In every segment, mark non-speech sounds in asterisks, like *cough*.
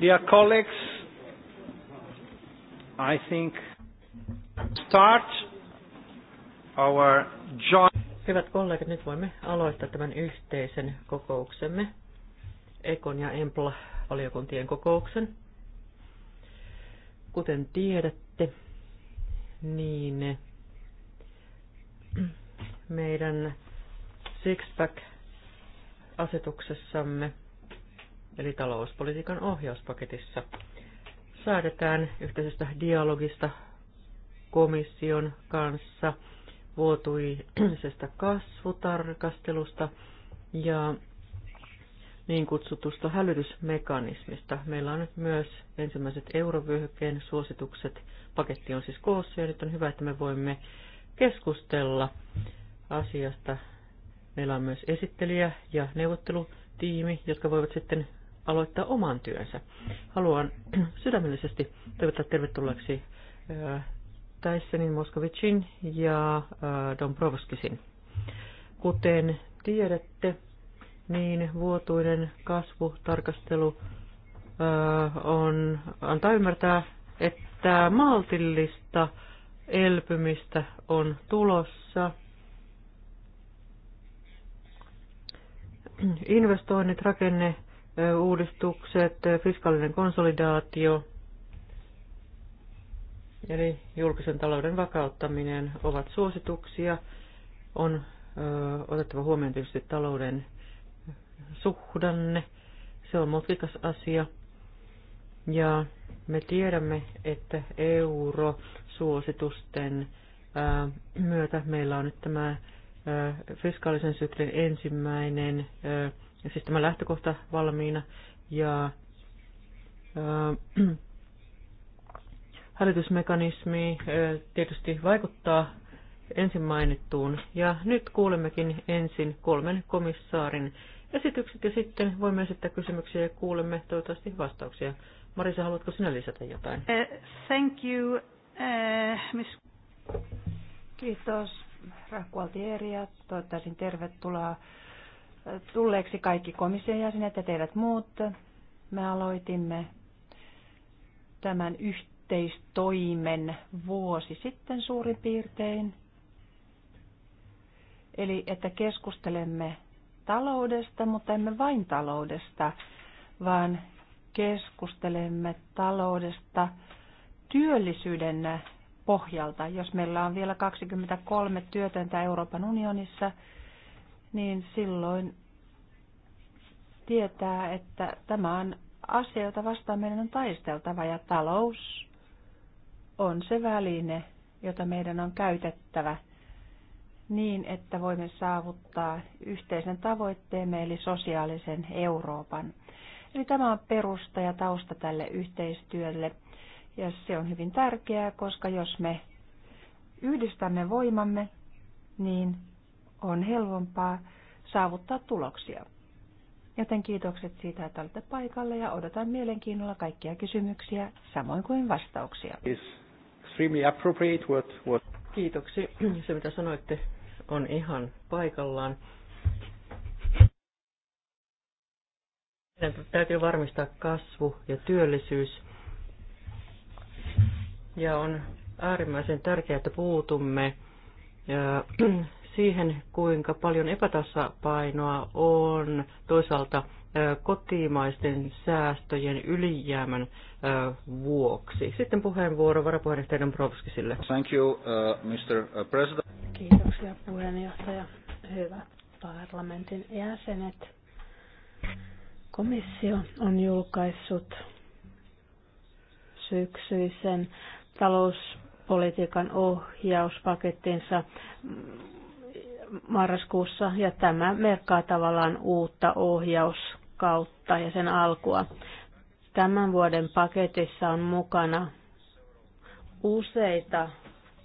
Dear colleagues, I think start our joint. Hyvät kollegat, nyt voimme aloittaa tämän yhteisen kokouksemme, Ekon ja Empla-valiokuntien kokouksen. Kuten tiedätte, niin meidän Sixpack-asetuksessamme eli talouspolitiikan ohjauspaketissa, säädetään yhteisestä dialogista komission kanssa, vuotuisesta kasvutarkastelusta ja niin kutsutusta hälytysmekanismista. Meillä on nyt myös ensimmäiset eurovyöhykkeen suositukset. Paketti on siis koossa ja nyt on hyvä, että me voimme keskustella asiasta. Meillä on myös esittelijä ja neuvottelutiimi, jotka voivat sitten aloittaa oman työnsä. Haluan *clears throat* sydämellisesti toivottaa tervetulleeksi Tysonin, Moskovicin ja Dombrovskisin. Kuten tiedätte, niin vuotuinen kasvutarkastelu on, antaa ymmärtää, että maltillista elpymistä on tulossa. Investoinnit, rakenne, uudistukset, fiskaalinen konsolidaatio, eli julkisen talouden vakauttaminen ovat suosituksia. On otettava huomioon tietysti talouden suhdanne. Se on mutkikas asia. Ja me tiedämme, että eurosuositusten myötä meillä on nyt tämä fiskaalisen syklin ensimmäinen ja siis tämä lähtökohta valmiina, ja äh, *clears throat* hälytysmekanismi äh, tietysti vaikuttaa ensin mainittuun, ja nyt kuulemmekin ensin kolmen komissaarin esitykset, ja sitten voimme esittää kysymyksiä ja kuulemme toivottavasti vastauksia. Marisa, haluatko sinä lisätä jotain? Uh, thank you, uh, miss... Kiitos, Rahkualtieri, ja toivottaisin tervetuloa tulleeksi kaikki komission jäsenet ja teidät muut. Me aloitimme tämän yhteistoimen vuosi sitten suurin piirtein. Eli että keskustelemme taloudesta, mutta emme vain taloudesta, vaan keskustelemme taloudesta työllisyyden pohjalta. Jos meillä on vielä 23 työtöntä Euroopan unionissa, niin silloin tietää, että tämä on asia, jota vastaan meidän on taisteltava ja talous on se väline, jota meidän on käytettävä niin, että voimme saavuttaa yhteisen tavoitteemme eli sosiaalisen Euroopan. Eli tämä on perusta ja tausta tälle yhteistyölle ja se on hyvin tärkeää, koska jos me yhdistämme voimamme, niin on helpompaa saavuttaa tuloksia. Joten kiitokset siitä, että olette paikalle ja odotan mielenkiinnolla kaikkia kysymyksiä, samoin kuin vastauksia. Kiitoksia. *clears throat* Se, mitä sanoitte, on ihan paikallaan. Meidän täytyy varmistaa kasvu ja työllisyys. Ja on äärimmäisen tärkeää, että puutumme *clears throat* siihen, kuinka paljon epätasapainoa on toisaalta kotimaisten säästöjen ylijäämän vuoksi. Sitten puheenvuoro varapuheenjohtaja Dombrovskisille. Thank you, uh, Mr. Uh, President. Kiitoksia puheenjohtaja. Hyvät parlamentin jäsenet. Komissio on julkaissut syksyisen talouspolitiikan ohjauspakettinsa marraskuussa ja tämä merkkaa tavallaan uutta ohjauskautta ja sen alkua. Tämän vuoden paketissa on mukana useita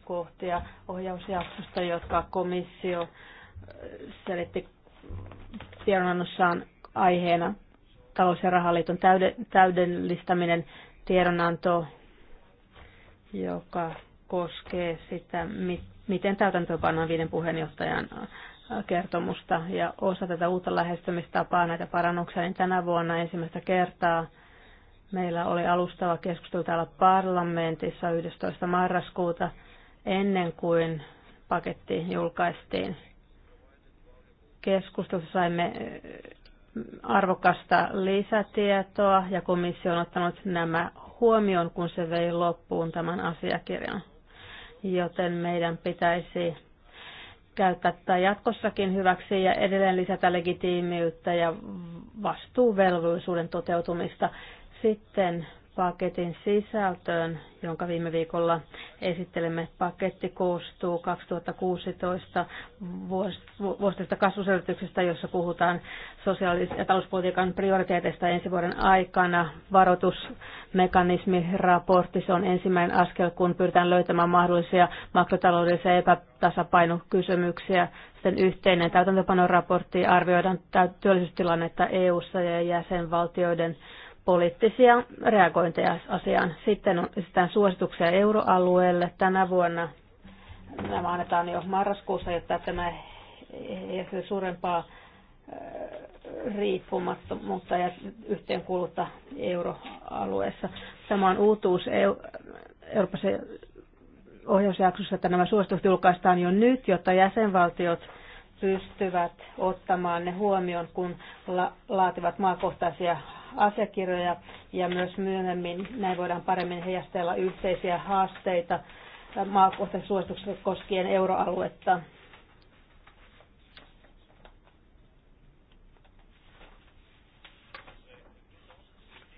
kohtia ohjausjaksosta, jotka komissio äh, selitti tiedonannossaan aiheena talous- ja rahaliiton täydellistäminen tiedonanto, joka koskee sitä, mit, miten täytäntöönpannaan viiden puheenjohtajan äh, kertomusta ja osa tätä uutta lähestymistapaa, näitä parannuksia, niin tänä vuonna ensimmäistä kertaa meillä oli alustava keskustelu täällä parlamentissa 11. marraskuuta ennen kuin paketti julkaistiin. Keskustelussa saimme äh, arvokasta lisätietoa ja komissio on ottanut nämä huomioon, kun se vei loppuun tämän asiakirjan joten meidän pitäisi käyttää tätä jatkossakin hyväksi ja edelleen lisätä legitiimiyttä ja vastuuvelvollisuuden toteutumista. Sitten paketin sisältöön, jonka viime viikolla esittelemme. Paketti koostuu 2016 vuosittaisesta kasvuselvityksestä, jossa puhutaan sosiaalis- ja talouspolitiikan prioriteeteista ensi vuoden aikana. Varoitusmekanismiraportti, se on ensimmäinen askel, kun pyritään löytämään mahdollisia makrotaloudellisia epätasapainokysymyksiä. Sitten yhteinen täytäntöpanoraportti arvioidaan työllisyystilannetta EU-ssa ja jäsenvaltioiden poliittisia reagointeja asiaan. Sitten on sitten suosituksia euroalueelle tänä vuonna. Nämä annetaan jo marraskuussa, jotta tämä ei ole suurempaa riippumattomuutta ja yhteenkuuluutta euroalueessa. Tämä on uutuus Euroopan ohjausjaksossa, että nämä suositukset julkaistaan jo nyt, jotta jäsenvaltiot pystyvät ottamaan ne huomioon, kun la- laativat maakohtaisia asiakirjoja ja myös myöhemmin näin voidaan paremmin heijastella yhteisiä haasteita maakohtaisen suositukset koskien euroaluetta.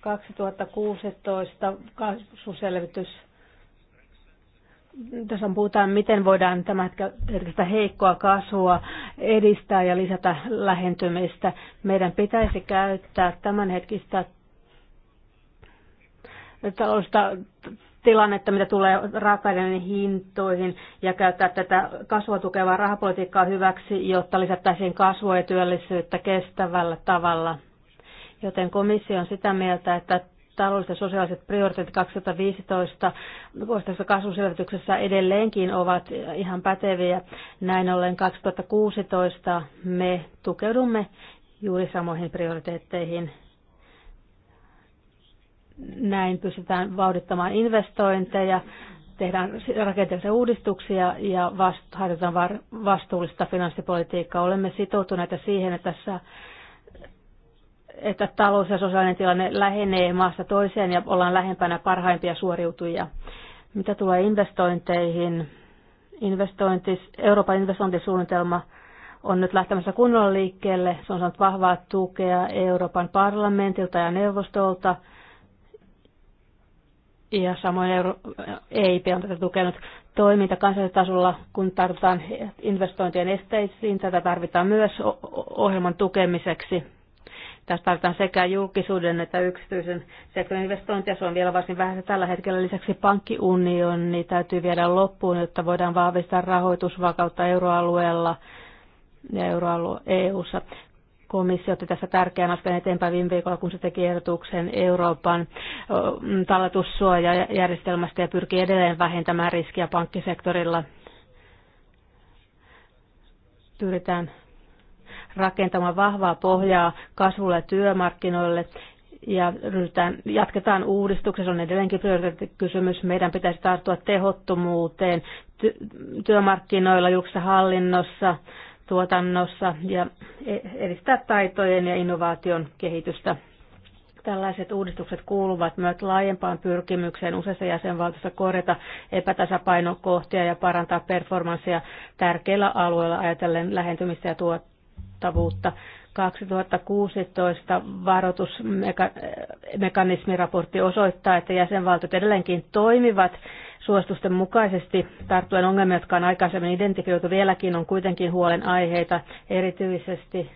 ...2016 kasvuselvitys tässä puhutaan, miten voidaan tämä hetkistä heikkoa kasvua edistää ja lisätä lähentymistä. Meidän pitäisi käyttää tämänhetkistä taloudellista tilannetta, mitä tulee raaka hintoihin ja käyttää tätä kasvua tukevaa rahapolitiikkaa hyväksi, jotta lisättäisiin kasvua ja työllisyyttä kestävällä tavalla. Joten komissio on sitä mieltä, että taloudelliset ja sosiaaliset prioriteetit 2015 vuosittaisessa kasvuselvityksessä edelleenkin ovat ihan päteviä. Näin ollen 2016 me tukeudumme juuri samoihin prioriteetteihin. Näin pystytään vauhdittamaan investointeja, tehdään rakenteellisia uudistuksia ja vastu- harjoitetaan vastuullista finanssipolitiikkaa. Olemme sitoutuneita siihen, että tässä että talous ja sosiaalinen tilanne lähenee maasta toiseen ja ollaan lähempänä parhaimpia suoriutujia. Mitä tulee investointeihin, investointis, Euroopan investointisuunnitelma on nyt lähtemässä kunnolla liikkeelle. Se on saanut vahvaa tukea Euroopan parlamentilta ja neuvostolta. Ja samoin Euro- EIP on tätä tukenut toiminta kansallisella kun tarvitaan investointien esteisiin. Tätä tarvitaan myös ohjelman tukemiseksi tässä tarvitaan sekä julkisuuden että yksityisen sektorin investointia. Se on vielä varsin vähän tällä hetkellä. Lisäksi pankkiunioni niin täytyy viedä loppuun, jotta voidaan vahvistaa rahoitusvakautta euroalueella ja euroalue EU-ssa. Komissio otti tässä tärkeän askeleen eteenpäin viime viikolla, kun se teki ehdotuksen Euroopan talletussuojajärjestelmästä ja pyrkii edelleen vähentämään riskiä pankkisektorilla pyritään rakentamaan vahvaa pohjaa kasvulle ja työmarkkinoille ja ryhdytään, jatketaan uudistuksessa, on edelleenkin prioriteettikysymys. Meidän pitäisi tarttua tehottomuuteen työmarkkinoilla, julkisessa hallinnossa, tuotannossa ja e-, edistää taitojen ja innovaation kehitystä. Tällaiset uudistukset kuuluvat myös laajempaan pyrkimykseen useissa jäsenvaltioissa korjata epätasapainokohtia ja parantaa performanssia tärkeillä alueilla ajatellen lähentymistä ja tuot vaikuttavuutta. 2016 varoitusmekanismiraportti osoittaa, että jäsenvaltiot edelleenkin toimivat suositusten mukaisesti tarttuen ongelmia, jotka on aikaisemmin identifioitu. Vieläkin on kuitenkin huolenaiheita, erityisesti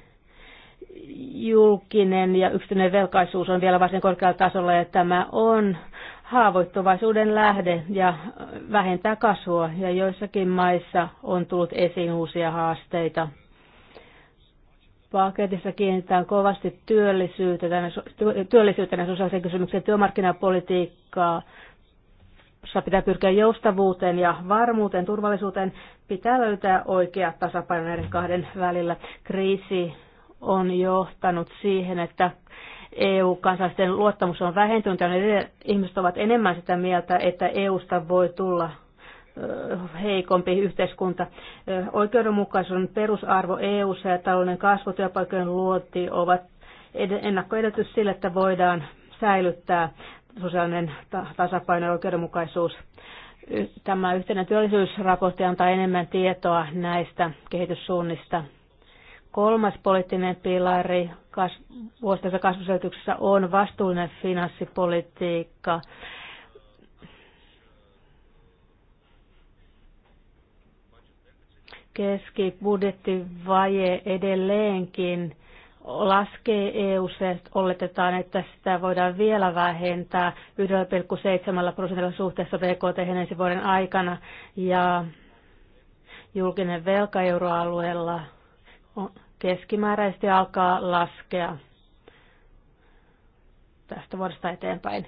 julkinen ja yksityinen velkaisuus on vielä varsin korkealla tasolla ja tämä on haavoittuvaisuuden lähde ja vähentää kasvua ja joissakin maissa on tullut esiin uusia haasteita paketissa kiinnitetään kovasti työllisyyteen, työllisyyteen ja sosiaalisen kysymyksen työmarkkinapolitiikkaa. Sä pitää pyrkiä joustavuuteen ja varmuuteen, turvallisuuteen. Pitää löytää oikea tasapaino näiden kahden välillä. Kriisi on johtanut siihen, että EU-kansalaisten luottamus on vähentynyt ja ihmiset ovat enemmän sitä mieltä, että EUsta voi tulla heikompi yhteiskunta. Oikeudenmukaisuuden perusarvo eu ja talouden kasvu työpaikkojen luoti ovat ennakkoedellytys sille, että voidaan säilyttää sosiaalinen tasapaino ja oikeudenmukaisuus. Tämä yhteinen työllisyysraportti antaa enemmän tietoa näistä kehityssuunnista. Kolmas poliittinen pilari kas, vuosittaisessa kasvuselityksessä on vastuullinen finanssipolitiikka keskibudjettivaje edelleenkin laskee eu oletetaan, että sitä voidaan vielä vähentää 1,7 prosentilla suhteessa BKT ensi vuoden aikana ja julkinen velka euroalueella keskimääräisesti alkaa laskea tästä vuodesta eteenpäin.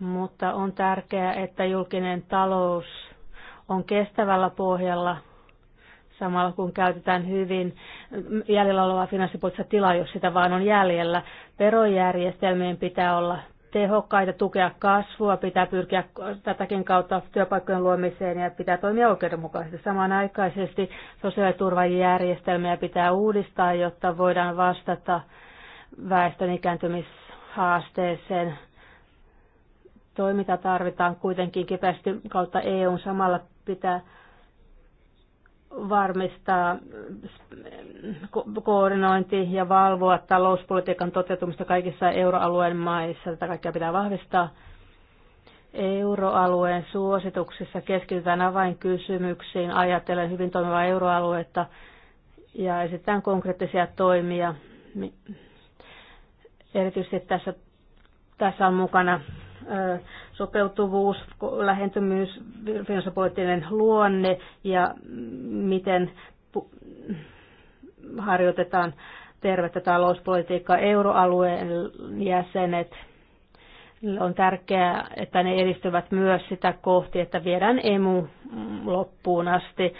Mutta on tärkeää, että julkinen talous on kestävällä pohjalla samalla kun käytetään hyvin jäljellä olevaa finanssipoliittista tilaa, jos sitä vaan on jäljellä. Verojärjestelmien pitää olla tehokkaita, tukea kasvua, pitää pyrkiä tätäkin kautta työpaikkojen luomiseen ja pitää toimia oikeudenmukaisesti. Samanaikaisesti sosiaaliturvajärjestelmiä pitää uudistaa, jotta voidaan vastata väestön ikääntymishaasteeseen. Toiminta tarvitaan kuitenkin kipeästi kautta EUn samalla pitää varmistaa äh, koordinointi ja valvoa talouspolitiikan toteutumista kaikissa euroalueen maissa. Tätä kaikkea pitää vahvistaa. Euroalueen suosituksissa keskitytään avainkysymyksiin ajatellen hyvin toimivaa euroaluetta ja esitetään konkreettisia toimia. Erityisesti tässä, tässä on mukana äh, sopeutuvuus, lähentymys, finanssipoliittinen luonne ja miten harjoitetaan tervettä talouspolitiikkaa euroalueen jäsenet. On tärkeää, että ne edistyvät myös sitä kohti, että viedään emu loppuun asti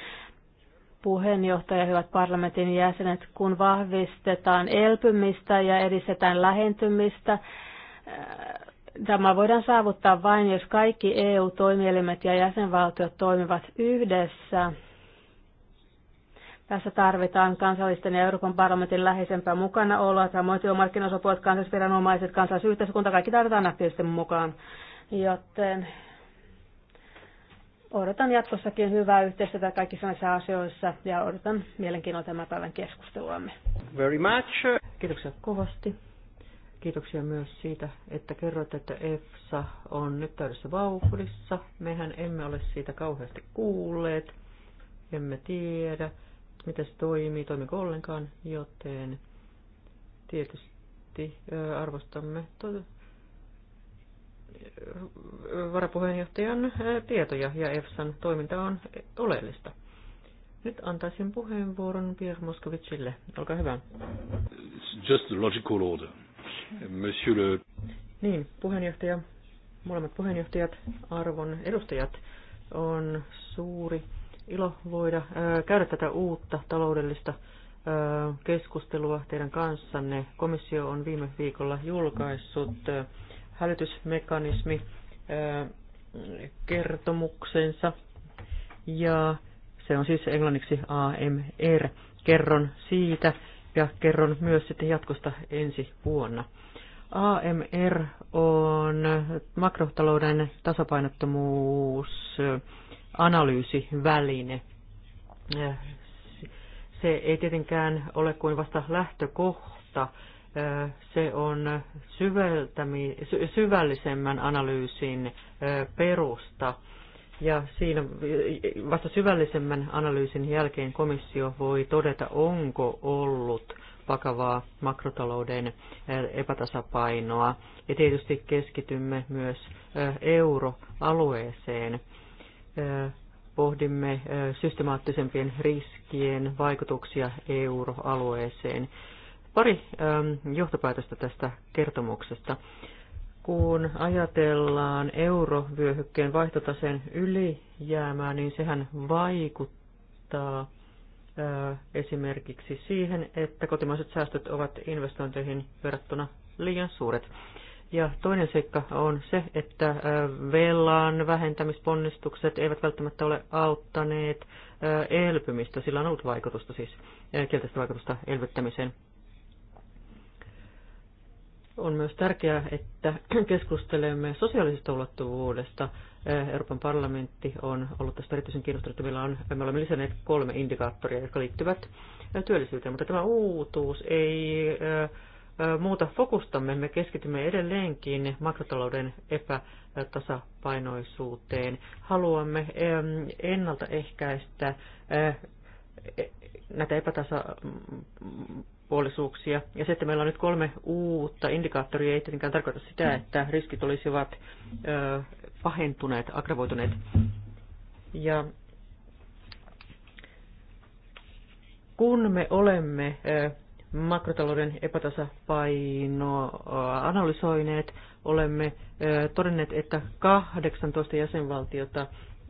puheenjohtaja, hyvät parlamentin jäsenet, kun vahvistetaan elpymistä ja edistetään lähentymistä, Tämä voidaan saavuttaa vain, jos kaikki EU-toimielimet ja jäsenvaltiot toimivat yhdessä. Tässä tarvitaan kansallisten ja Euroopan parlamentin läheisempää mukanaoloa, samoin työmarkkinaosapuolet, kansallisviranomaiset, kansallisyhteiskunta, kaikki tarvitaan aktiivisesti mukaan. Joten odotan jatkossakin hyvää yhteistyötä kaikissa näissä asioissa ja odotan mielenkiinnolla tämän päivän keskusteluamme. Very much. Kiitoksia kovasti. Kiitoksia myös siitä, että kerroit, että EFSA on nyt täydessä vauhdissa. Mehän emme ole siitä kauheasti kuulleet, emme tiedä, miten se toimii, toimiko ollenkaan, joten tietysti arvostamme varapuheenjohtajan tietoja ja EFSAn toiminta on oleellista. Nyt antaisin puheenvuoron Pierre Moskovicille. Olkaa hyvä. just the logical order. Monsieur le... Niin, puheenjohtaja, molemmat puheenjohtajat, arvon edustajat, on suuri ilo voida ää, käydä tätä uutta taloudellista ää, keskustelua teidän kanssanne. Komissio on viime viikolla julkaissut ää, hälytysmekanismi ää, kertomuksensa ja se on siis englanniksi AMR. Kerron siitä ja kerron myös sitten jatkosta ensi vuonna. AMR on makrotalouden tasapainottomuusanalyysiväline. Se ei tietenkään ole kuin vasta lähtökohta. Se on syvällisemmän analyysin perusta ja siinä vasta syvällisemmän analyysin jälkeen komissio voi todeta, onko ollut vakavaa makrotalouden eh, epätasapainoa. Ja tietysti keskitymme myös eh, euroalueeseen. Eh, pohdimme systemaattisempien riskien vaikutuksia euroalueeseen. Pari johtopäätöstä tästä kertomuksesta kun ajatellaan eurovyöhykkeen vaihtotaseen ylijäämää, niin sehän vaikuttaa esimerkiksi siihen, että kotimaiset säästöt ovat investointeihin verrattuna liian suuret. Ja toinen seikka on se, että velan vähentämisponnistukset eivät välttämättä ole auttaneet elpymistä. Sillä on ollut vaikutusta siis, kielteistä vaikutusta elvyttämiseen. On myös tärkeää, että *clears throat* keskustelemme sosiaalisesta ulottuvuudesta. Eh, Euroopan parlamentti on ollut tästä erityisen kiinnostunut. Meillä on, me olemme lisänneet kolme indikaattoria, jotka liittyvät eh, työllisyyteen, mutta tämä uutuus ei eh, muuta fokustamme. Me keskitymme edelleenkin makrotalouden epätasapainoisuuteen. Haluamme ennaltaehkäistä näitä epätasa puolisuuksia. Ja se, että meillä on nyt kolme uutta indikaattoria, ei tietenkään tarkoita sitä, että riskit olisivat ö, pahentuneet, aggravoituneet. Ja kun me olemme ö, makrotalouden epätasapainoa analysoineet, olemme ö, todenneet, että 18 jäsenvaltiota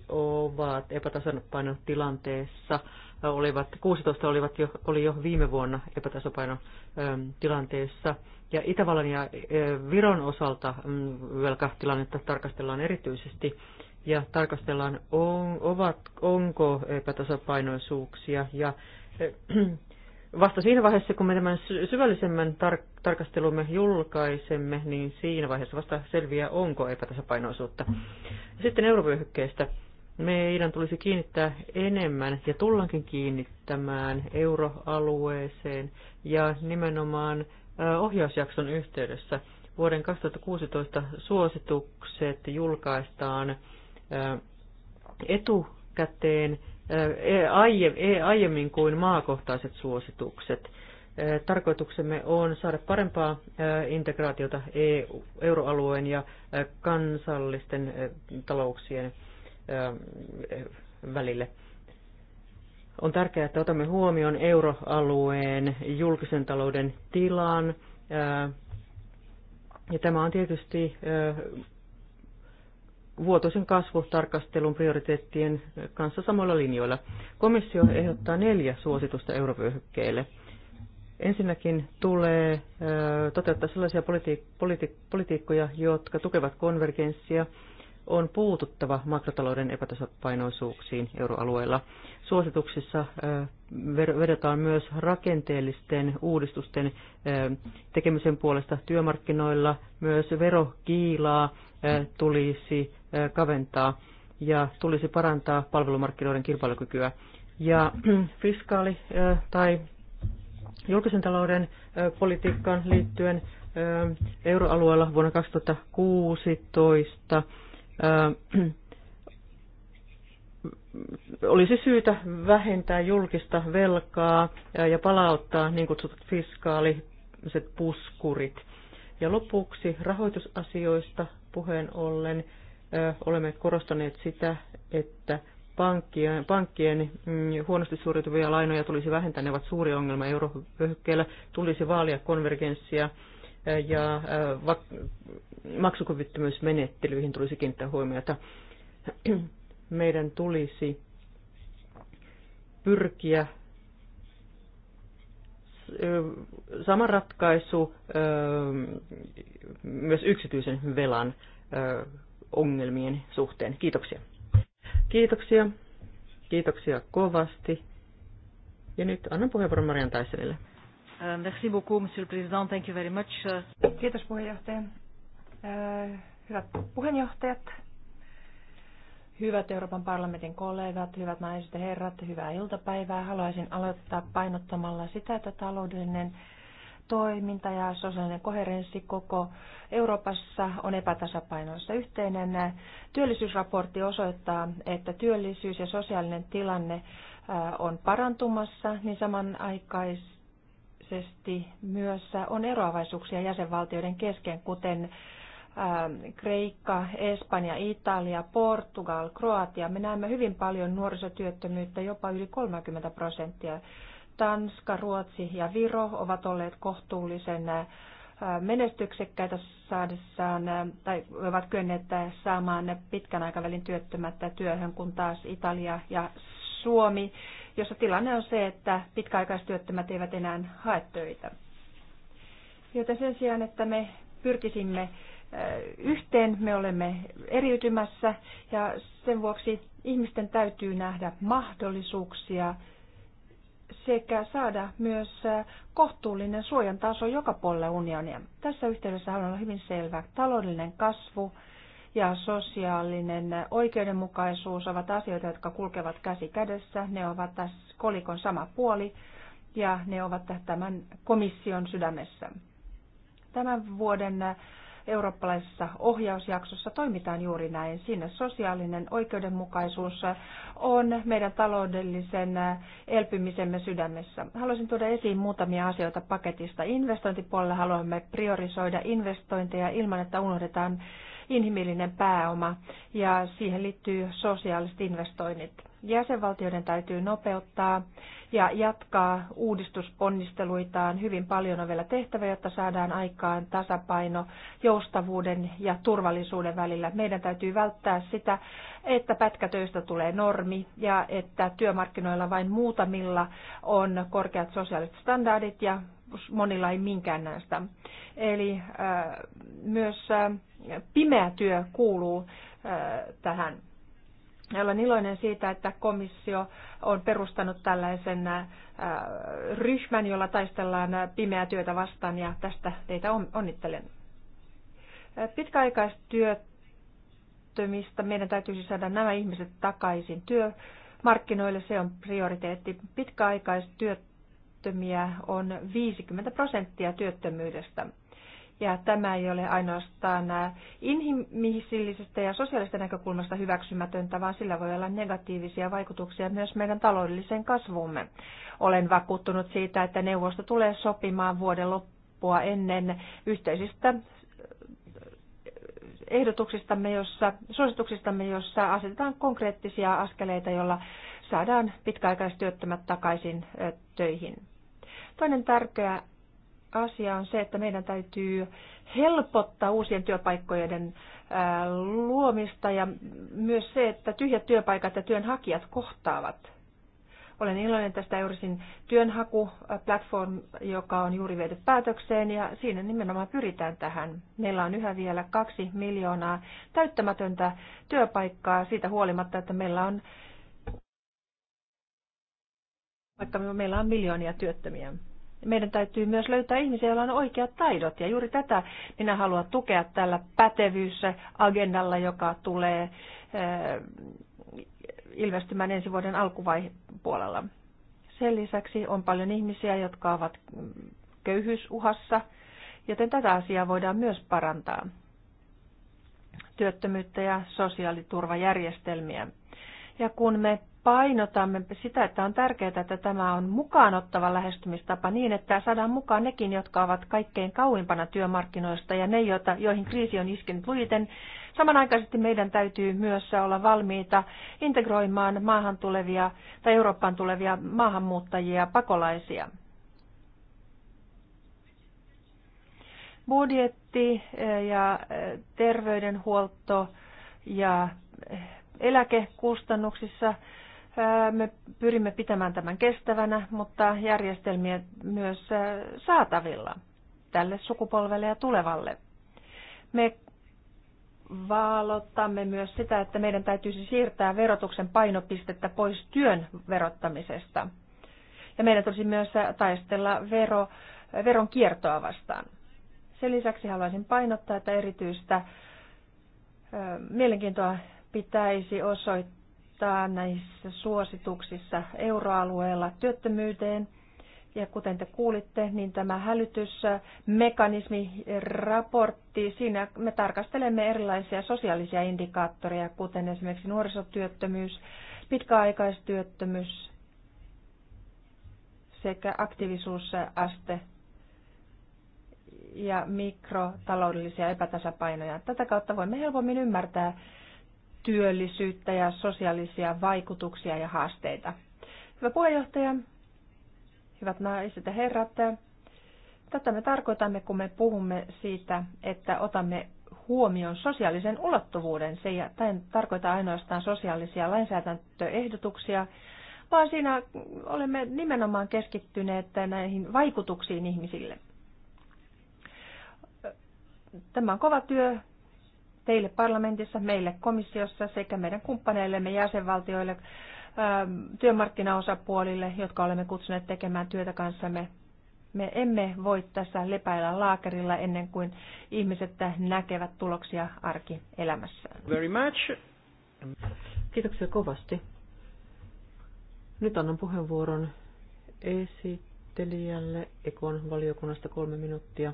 ovat epätasapainotilanteessa tilanteessa olivat, 16 olivat jo, oli jo viime vuonna epätasapaino ähm, tilanteessa. Ja Itävallan ja äh, Viron osalta mm, velkatilannetta tarkastellaan erityisesti ja tarkastellaan, on, ovat, onko epätasapainoisuuksia. Ja äh, *clears throat* vasta siinä vaiheessa, kun me tämän syvällisemmän tar- tarkastelumme julkaisemme, niin siinä vaiheessa vasta selviää, onko epätasapainoisuutta. Sitten eurovyöhykkeestä meidän tulisi kiinnittää enemmän ja tullankin kiinnittämään euroalueeseen ja nimenomaan ohjausjakson yhteydessä. Vuoden 2016 suositukset julkaistaan etukäteen e, e, aiemmin kuin maakohtaiset suositukset. Tarkoituksemme on saada parempaa integraatiota EU, euroalueen ja kansallisten talouksien välille. On tärkeää, että otamme huomioon euroalueen julkisen talouden tilan. Ja tämä on tietysti vuotoisen kasvutarkastelun prioriteettien kanssa samoilla linjoilla. Komissio ehdottaa neljä suositusta eurovyöhykkeelle. Ensinnäkin tulee toteuttaa sellaisia politi- politi- politiikkoja, jotka tukevat konvergenssia, on puututtava makrotalouden epätasapainoisuuksiin euroalueella. Suosituksissa vedotaan myös rakenteellisten uudistusten tekemisen puolesta työmarkkinoilla. Myös verokiilaa tulisi kaventaa ja tulisi parantaa palvelumarkkinoiden kilpailukykyä. Ja *clears throat* fiskaali tai julkisen talouden politiikkaan liittyen euroalueella vuonna 2016 *clears throat* olisi syytä vähentää julkista velkaa ja palauttaa niin kutsutut fiskaaliset puskurit. Ja lopuksi rahoitusasioista puheen ollen olemme korostaneet sitä, että pankkien, pankkien mm, huonosti suoriutuvia lainoja tulisi vähentää, ne ovat suuri ongelma eurovyöhykkeellä, tulisi vaalia konvergenssia ja maksukyvyttömyysmenettelyihin tulisi kiinnittää huomiota. *clears throat* Meidän tulisi pyrkiä sama ratkaisu myös yksityisen velan ongelmien suhteen. Kiitoksia. Kiitoksia. Kiitoksia kovasti. Ja nyt annan puheenvuoron Marian Taisenille. Euh, merci beaucoup, monsieur le président. Thank you very much. Euh. Kiitos puheenjohtaja. Äh, hyvät puheenjohtajat, hyvät Euroopan parlamentin kollegat, hyvät naiset ja herrat, hyvää iltapäivää. Haluaisin aloittaa painottamalla sitä, että taloudellinen toiminta ja sosiaalinen koherenssi koko Euroopassa on epätasapainoissa. Yhteinen työllisyysraportti osoittaa, että työllisyys ja sosiaalinen tilanne äh, on parantumassa, niin samanaikaisesti samanaikaisesti myös on eroavaisuuksia jäsenvaltioiden kesken, kuten ähm, Kreikka, Espanja, Italia, Portugal, Kroatia. Me näemme hyvin paljon nuorisotyöttömyyttä, jopa yli 30 prosenttia. Tanska, Ruotsi ja Viro ovat olleet kohtuullisen äh, menestyksekkäitä saadessaan, äh, tai ovat kyenneet saamaan pitkän aikavälin työttömättä työhön, kun taas Italia ja Suomi jossa tilanne on se, että pitkäaikaistyöttömät eivät enää hae töitä. Joten sen sijaan, että me pyrkisimme yhteen, me olemme eriytymässä ja sen vuoksi ihmisten täytyy nähdä mahdollisuuksia sekä saada myös kohtuullinen suojan taso joka puolella unionia. Tässä yhteydessä haluan olla hyvin selvä. Taloudellinen kasvu, ja sosiaalinen oikeudenmukaisuus ovat asioita, jotka kulkevat käsi kädessä. Ne ovat tässä kolikon sama puoli ja ne ovat tämän komission sydämessä. Tämän vuoden eurooppalaisessa ohjausjaksossa toimitaan juuri näin. Siinä sosiaalinen oikeudenmukaisuus on meidän taloudellisen elpymisemme sydämessä. Haluaisin tuoda esiin muutamia asioita paketista. Investointipuolella haluamme priorisoida investointeja ilman, että unohdetaan inhimillinen pääoma ja siihen liittyy sosiaaliset investoinnit. Jäsenvaltioiden täytyy nopeuttaa ja jatkaa uudistusponnisteluitaan. Hyvin paljon on vielä tehtävä, jotta saadaan aikaan tasapaino joustavuuden ja turvallisuuden välillä. Meidän täytyy välttää sitä, että pätkätöistä tulee normi ja että työmarkkinoilla vain muutamilla on korkeat sosiaaliset standardit ja monilla ei minkään näistä. Eli äh, myös äh, pimeä työ kuuluu tähän. Olen iloinen siitä, että komissio on perustanut tällaisen ryhmän, jolla taistellaan pimeää työtä vastaan ja tästä teitä onnittelen. Pitkäaikaistyöttömistä meidän täytyisi saada nämä ihmiset takaisin työmarkkinoille. Se on prioriteetti. Pitkäaikaistyöttömiä on 50 prosenttia työttömyydestä ja tämä ei ole ainoastaan äh, inhimillisestä ja sosiaalisesta näkökulmasta hyväksymätöntä, vaan sillä voi olla negatiivisia vaikutuksia myös meidän taloudelliseen kasvuumme. Olen vakuuttunut siitä, että neuvosto tulee sopimaan vuoden loppua ennen yhteisistä äh, ehdotuksistamme, jossa, suosituksistamme, jossa asetetaan konkreettisia askeleita, joilla saadaan pitkäaikaistyöttömät takaisin äh, töihin. Toinen tärkeä asia on se, että meidän täytyy helpottaa uusien työpaikkojen luomista ja myös se, että tyhjät työpaikat ja työnhakijat kohtaavat. Olen iloinen tästä Eurisin työnhakuplatform, joka on juuri viety päätökseen ja siinä nimenomaan pyritään tähän. Meillä on yhä vielä kaksi miljoonaa täyttämätöntä työpaikkaa siitä huolimatta, että meillä on vaikka meillä on miljoonia työttömiä meidän täytyy myös löytää ihmisiä, joilla on oikeat taidot. Ja juuri tätä minä haluan tukea tällä pätevyysagendalla, joka tulee eh, ilmestymään ensi vuoden alkuvaihepuolella. Sen lisäksi on paljon ihmisiä, jotka ovat mm, köyhyysuhassa, joten tätä asiaa voidaan myös parantaa. Työttömyyttä ja sosiaaliturvajärjestelmiä. Ja kun me painotamme sitä, että on tärkeää, että tämä on mukaanottava lähestymistapa niin, että saadaan mukaan nekin, jotka ovat kaikkein kauimpana työmarkkinoista ja ne, joita, joihin kriisi on iskenyt luiten. Samanaikaisesti meidän täytyy myös olla valmiita integroimaan maahan tulevia tai Eurooppaan tulevia maahanmuuttajia pakolaisia. Budjetti eh, ja eh, terveydenhuolto ja eh, eläkekustannuksissa me pyrimme pitämään tämän kestävänä, mutta järjestelmiä myös saatavilla tälle sukupolvelle ja tulevalle. Me vaalottamme myös sitä, että meidän täytyisi siirtää verotuksen painopistettä pois työn verottamisesta. Ja meidän tulisi myös taistella vero, veron kiertoa vastaan. Sen lisäksi haluaisin painottaa, että erityistä mielenkiintoa pitäisi osoittaa vaikuttaa näissä suosituksissa euroalueella työttömyyteen. Ja kuten te kuulitte, niin tämä hälytysmekanismiraportti, raportti, siinä me tarkastelemme erilaisia sosiaalisia indikaattoreja, kuten esimerkiksi nuorisotyöttömyys, pitkäaikaistyöttömyys sekä aktiivisuusaste ja mikrotaloudellisia epätasapainoja. Tätä kautta voimme helpommin ymmärtää, työllisyyttä ja sosiaalisia vaikutuksia ja haasteita. Hyvä puheenjohtaja, hyvät naiset ja herrat, tätä me tarkoitamme, kun me puhumme siitä, että otamme huomioon sosiaalisen ulottuvuuden. Se ei tarkoita ainoastaan sosiaalisia lainsäädäntöehdotuksia, vaan siinä olemme nimenomaan keskittyneet näihin vaikutuksiin ihmisille. Tämä on kova työ, teille parlamentissa, meille komissiossa sekä meidän kumppaneillemme jäsenvaltioille, ähm, työmarkkinaosapuolille, jotka olemme kutsuneet tekemään työtä kanssamme. Me emme voi tässä lepäillä laakerilla ennen kuin ihmiset näkevät tuloksia arkielämässään. Very much. Kiitoksia kovasti. Nyt annan puheenvuoron esittelijälle Ekon valiokunnasta kolme minuuttia.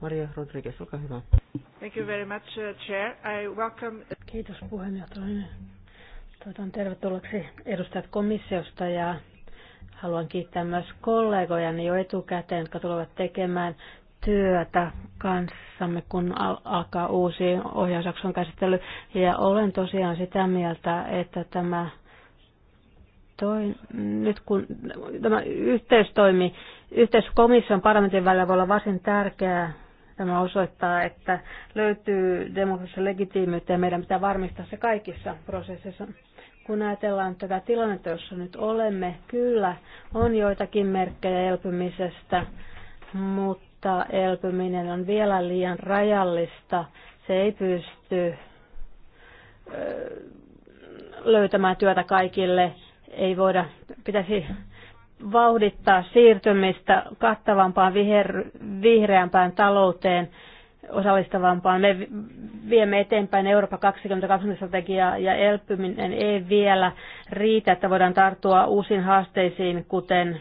Maria Rodriguez, olkaa hyvä. Thank you very much, uh, Chair. I welcome... Kiitos puheenjohtajalle. Toivotan tervetulleeksi edustajat komissiosta ja haluan kiittää myös kollegojani jo etukäteen, jotka tulevat tekemään työtä kanssamme, kun alkaa uusi ohjausjakson käsittely. Ja olen tosiaan sitä mieltä, että tämä toi, nyt kun tämä yhteistoimi, yhteiskomission parlamentin välillä voi olla varsin tärkeää Tämä osoittaa, että löytyy demokratiassa legitiimiyttä ja meidän pitää varmistaa se kaikissa prosesseissa. Kun ajatellaan tätä tilannetta, jossa nyt olemme, kyllä on joitakin merkkejä elpymisestä, mutta elpyminen on vielä liian rajallista. Se ei pysty löytämään työtä kaikille. Ei voida, pitäisi vauhdittaa siirtymistä kattavampaan viher, vihreämpään talouteen, osallistavampaan. Me viemme eteenpäin Eurooppa 2020 strategiaa ja elpyminen ei vielä riitä, että voidaan tarttua uusiin haasteisiin, kuten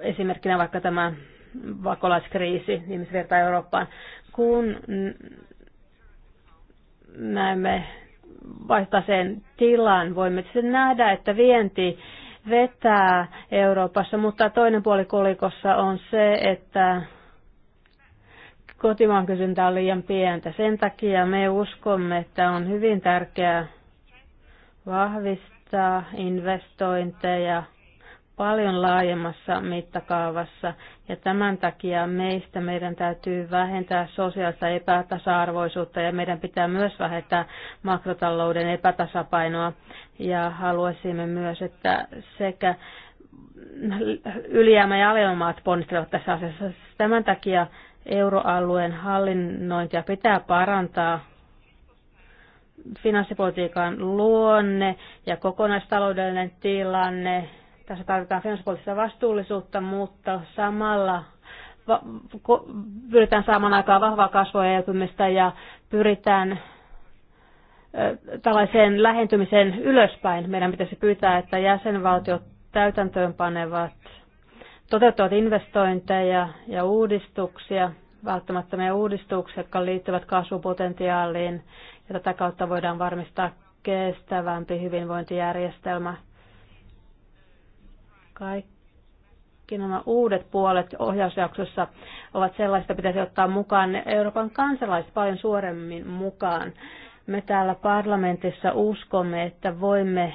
esimerkkinä vaikka tämä vakolaiskriisi ihmisvirta Eurooppaan. Kun näemme vaihtaisen tilan. Voimme sen nähdä, että vienti vetää Euroopassa, mutta toinen puoli kolikossa on se, että kotimaan kysyntä on liian pientä. Sen takia me uskomme, että on hyvin tärkeää vahvistaa investointeja paljon laajemmassa mittakaavassa ja tämän takia meistä meidän täytyy vähentää sosiaalista epätasa-arvoisuutta ja meidän pitää myös vähentää makrotalouden epätasapainoa ja haluaisimme myös, että sekä ylijäämä ja alijäämämaat ponnistelevat tässä asiassa. Tämän takia euroalueen hallinnointia pitää parantaa finanssipolitiikan luonne ja kokonaistaloudellinen tilanne tässä tarvitaan finanssipoliittista vastuullisuutta, mutta samalla pyritään saamaan aikaan vahvaa kasvua ja elpymistä ja pyritään tällaiseen lähentymiseen ylöspäin. Meidän pitäisi pyytää, että jäsenvaltiot täytäntöönpanevat toteuttavat investointeja ja uudistuksia, välttämättömiä uudistuksia, jotka liittyvät kasvupotentiaaliin, ja tätä kautta voidaan varmistaa kestävämpi hyvinvointijärjestelmä. Kaikki nämä uudet puolet ohjausjaksossa ovat sellaista, pitäisi ottaa mukaan Euroopan kansalaiset paljon suoremmin mukaan. Me täällä parlamentissa uskomme, että voimme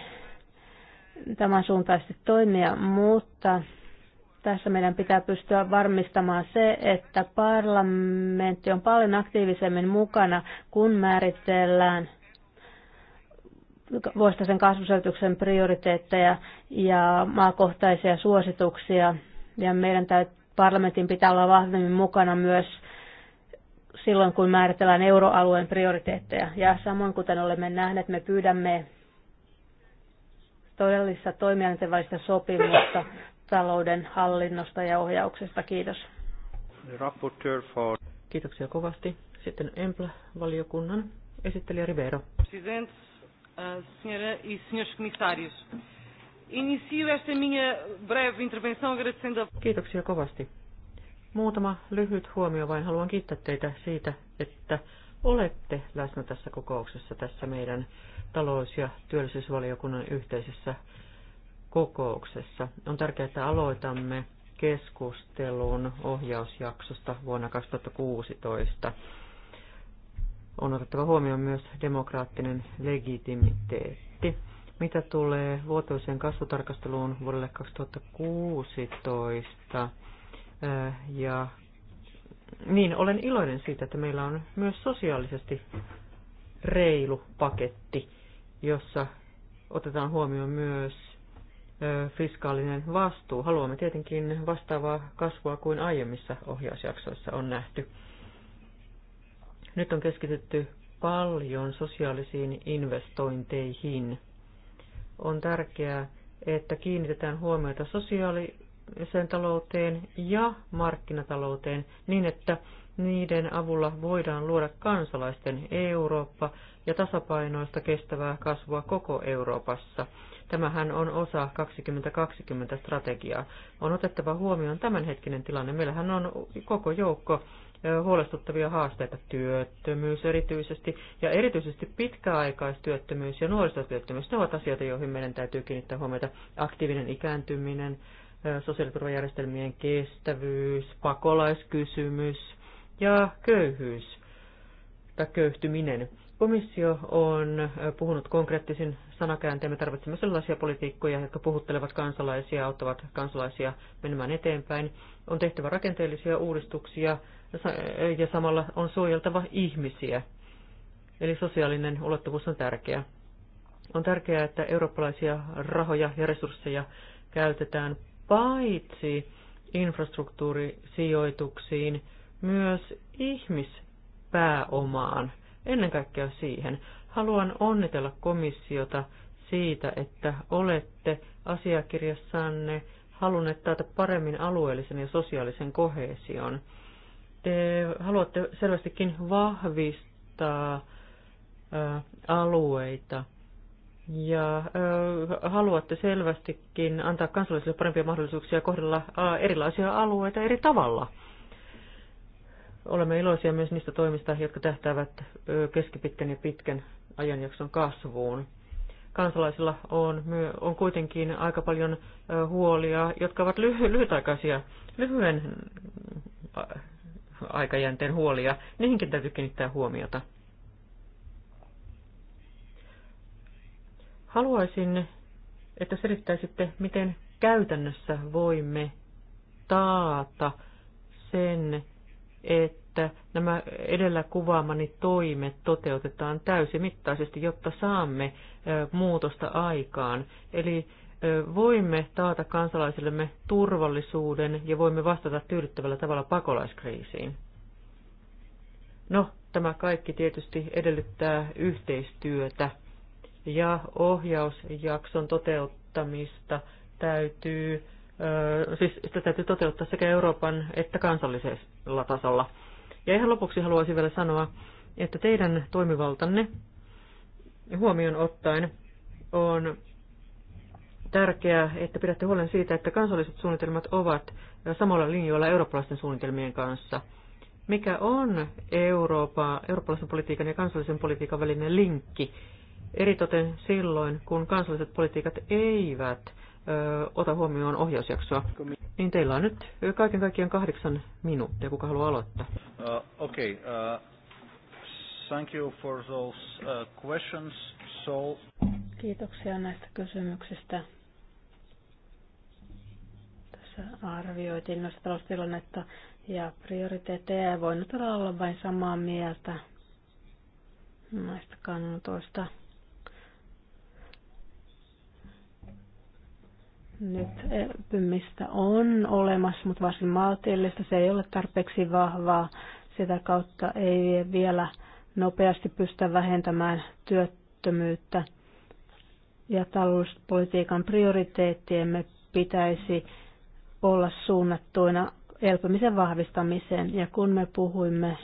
tämän suuntaisesti toimia, mutta tässä meidän pitää pystyä varmistamaan se, että parlamentti on paljon aktiivisemmin mukana, kun määritellään vuosittaisen kasvuselityksen prioriteetteja ja maakohtaisia suosituksia. Ja meidän täytyy, parlamentin pitää olla vahvemmin mukana myös silloin, kun määritellään euroalueen prioriteetteja. Ja samoin kuten olemme nähneet, me pyydämme todellista toimijantevaista sopimusta talouden hallinnosta ja ohjauksesta. Kiitos. Kiitoksia kovasti. Sitten Empla-valiokunnan esittelijä Rivero. Presidents. Senhora e Senhores Comissários. Inicio esta minha breve intervenção agradecendo a... Kiitoksia kovasti. Muutama lyhyt huomio vain. Haluan kiittää teitä siitä, että olette läsnä tässä kokouksessa, tässä meidän talous- ja työllisyysvaliokunnan yhteisessä kokouksessa. On tärkeää, että aloitamme keskustelun ohjausjaksosta vuonna 2016 on otettava huomioon myös demokraattinen legitimiteetti. Mitä tulee vuotuiseen kasvutarkasteluun vuodelle 2016? Äh, ja niin, olen iloinen siitä, että meillä on myös sosiaalisesti reilu paketti, jossa otetaan huomioon myös äh, fiskaalinen vastuu. Haluamme tietenkin vastaavaa kasvua kuin aiemmissa ohjausjaksoissa on nähty. Nyt on keskitytty paljon sosiaalisiin investointeihin. On tärkeää, että kiinnitetään huomiota sosiaaliseen talouteen ja markkinatalouteen niin, että niiden avulla voidaan luoda kansalaisten Eurooppa ja tasapainoista kestävää kasvua koko Euroopassa. Tämähän on osa 2020-strategiaa. On otettava huomioon tämänhetkinen tilanne. Meillähän on koko joukko huolestuttavia haasteita, työttömyys erityisesti, ja erityisesti pitkäaikaistyöttömyys ja nuorisotyöttömyys, ne ovat asioita, joihin meidän täytyy kiinnittää huomiota. Aktiivinen ikääntyminen, sosiaaliturvajärjestelmien kestävyys, pakolaiskysymys ja köyhyys tai köyhtyminen. Komissio on puhunut konkreettisin sanakääntein. Me tarvitsemme sellaisia politiikkoja, jotka puhuttelevat kansalaisia, auttavat kansalaisia menemään eteenpäin. On tehtävä rakenteellisia uudistuksia ja samalla on suojeltava ihmisiä. Eli sosiaalinen ulottuvuus on tärkeä. On tärkeää, että eurooppalaisia rahoja ja resursseja käytetään paitsi infrastruktuurisijoituksiin, myös ihmispääomaan, ennen kaikkea siihen. Haluan onnitella komissiota siitä, että olette asiakirjassanne halunneet taata paremmin alueellisen ja sosiaalisen kohesion – te haluatte selvästikin vahvistaa alueita ja haluatte selvästikin antaa kansalaisille parempia mahdollisuuksia kohdella erilaisia alueita eri tavalla. Olemme iloisia myös niistä toimista, jotka tähtäävät keskipitkän ja pitkän ajanjakson kasvuun. Kansalaisilla on, on kuitenkin aika paljon huolia, jotka ovat lyhy- lyhytaikaisia, lyhyen aikajänteen huolia, niihinkin täytyy kiinnittää huomiota. Haluaisin, että selittäisitte, miten käytännössä voimme taata sen, että nämä edellä kuvaamani toimet toteutetaan täysimittaisesti, jotta saamme muutosta aikaan. Eli voimme taata kansalaisillemme turvallisuuden ja voimme vastata tyydyttävällä tavalla pakolaiskriisiin. No, tämä kaikki tietysti edellyttää yhteistyötä ja ohjausjakson toteuttamista täytyy, siis sitä täytyy toteuttaa sekä Euroopan että kansallisella tasolla. Ja ihan lopuksi haluaisin vielä sanoa, että teidän toimivaltanne huomioon ottaen on tärkeää, että pidätte huolen siitä, että kansalliset suunnitelmat ovat samalla linjoilla eurooppalaisten suunnitelmien kanssa. Mikä on Eurooppa, eurooppalaisen politiikan ja kansallisen politiikan välinen linkki? Eritoten silloin, kun kansalliset politiikat eivät ö, ota huomioon ohjausjaksoa. Niin teillä on nyt kaiken kaikkiaan kahdeksan minuuttia, kuka haluaa aloittaa. Uh, okay. Uh, thank you for those uh, questions. So... Kiitoksia näistä kysymyksistä arvioitiin noista taloustilannetta ja prioriteetteja ei voinut olla vain samaa mieltä näistä kannatoista. Nyt elpymistä on olemassa, mutta varsin maltillista. Se ei ole tarpeeksi vahvaa. Sitä kautta ei vielä nopeasti pystytä vähentämään työttömyyttä. Ja talouspolitiikan prioriteettiemme pitäisi olla suunnattuina elpymisen vahvistamiseen. Ja kun me puhuimme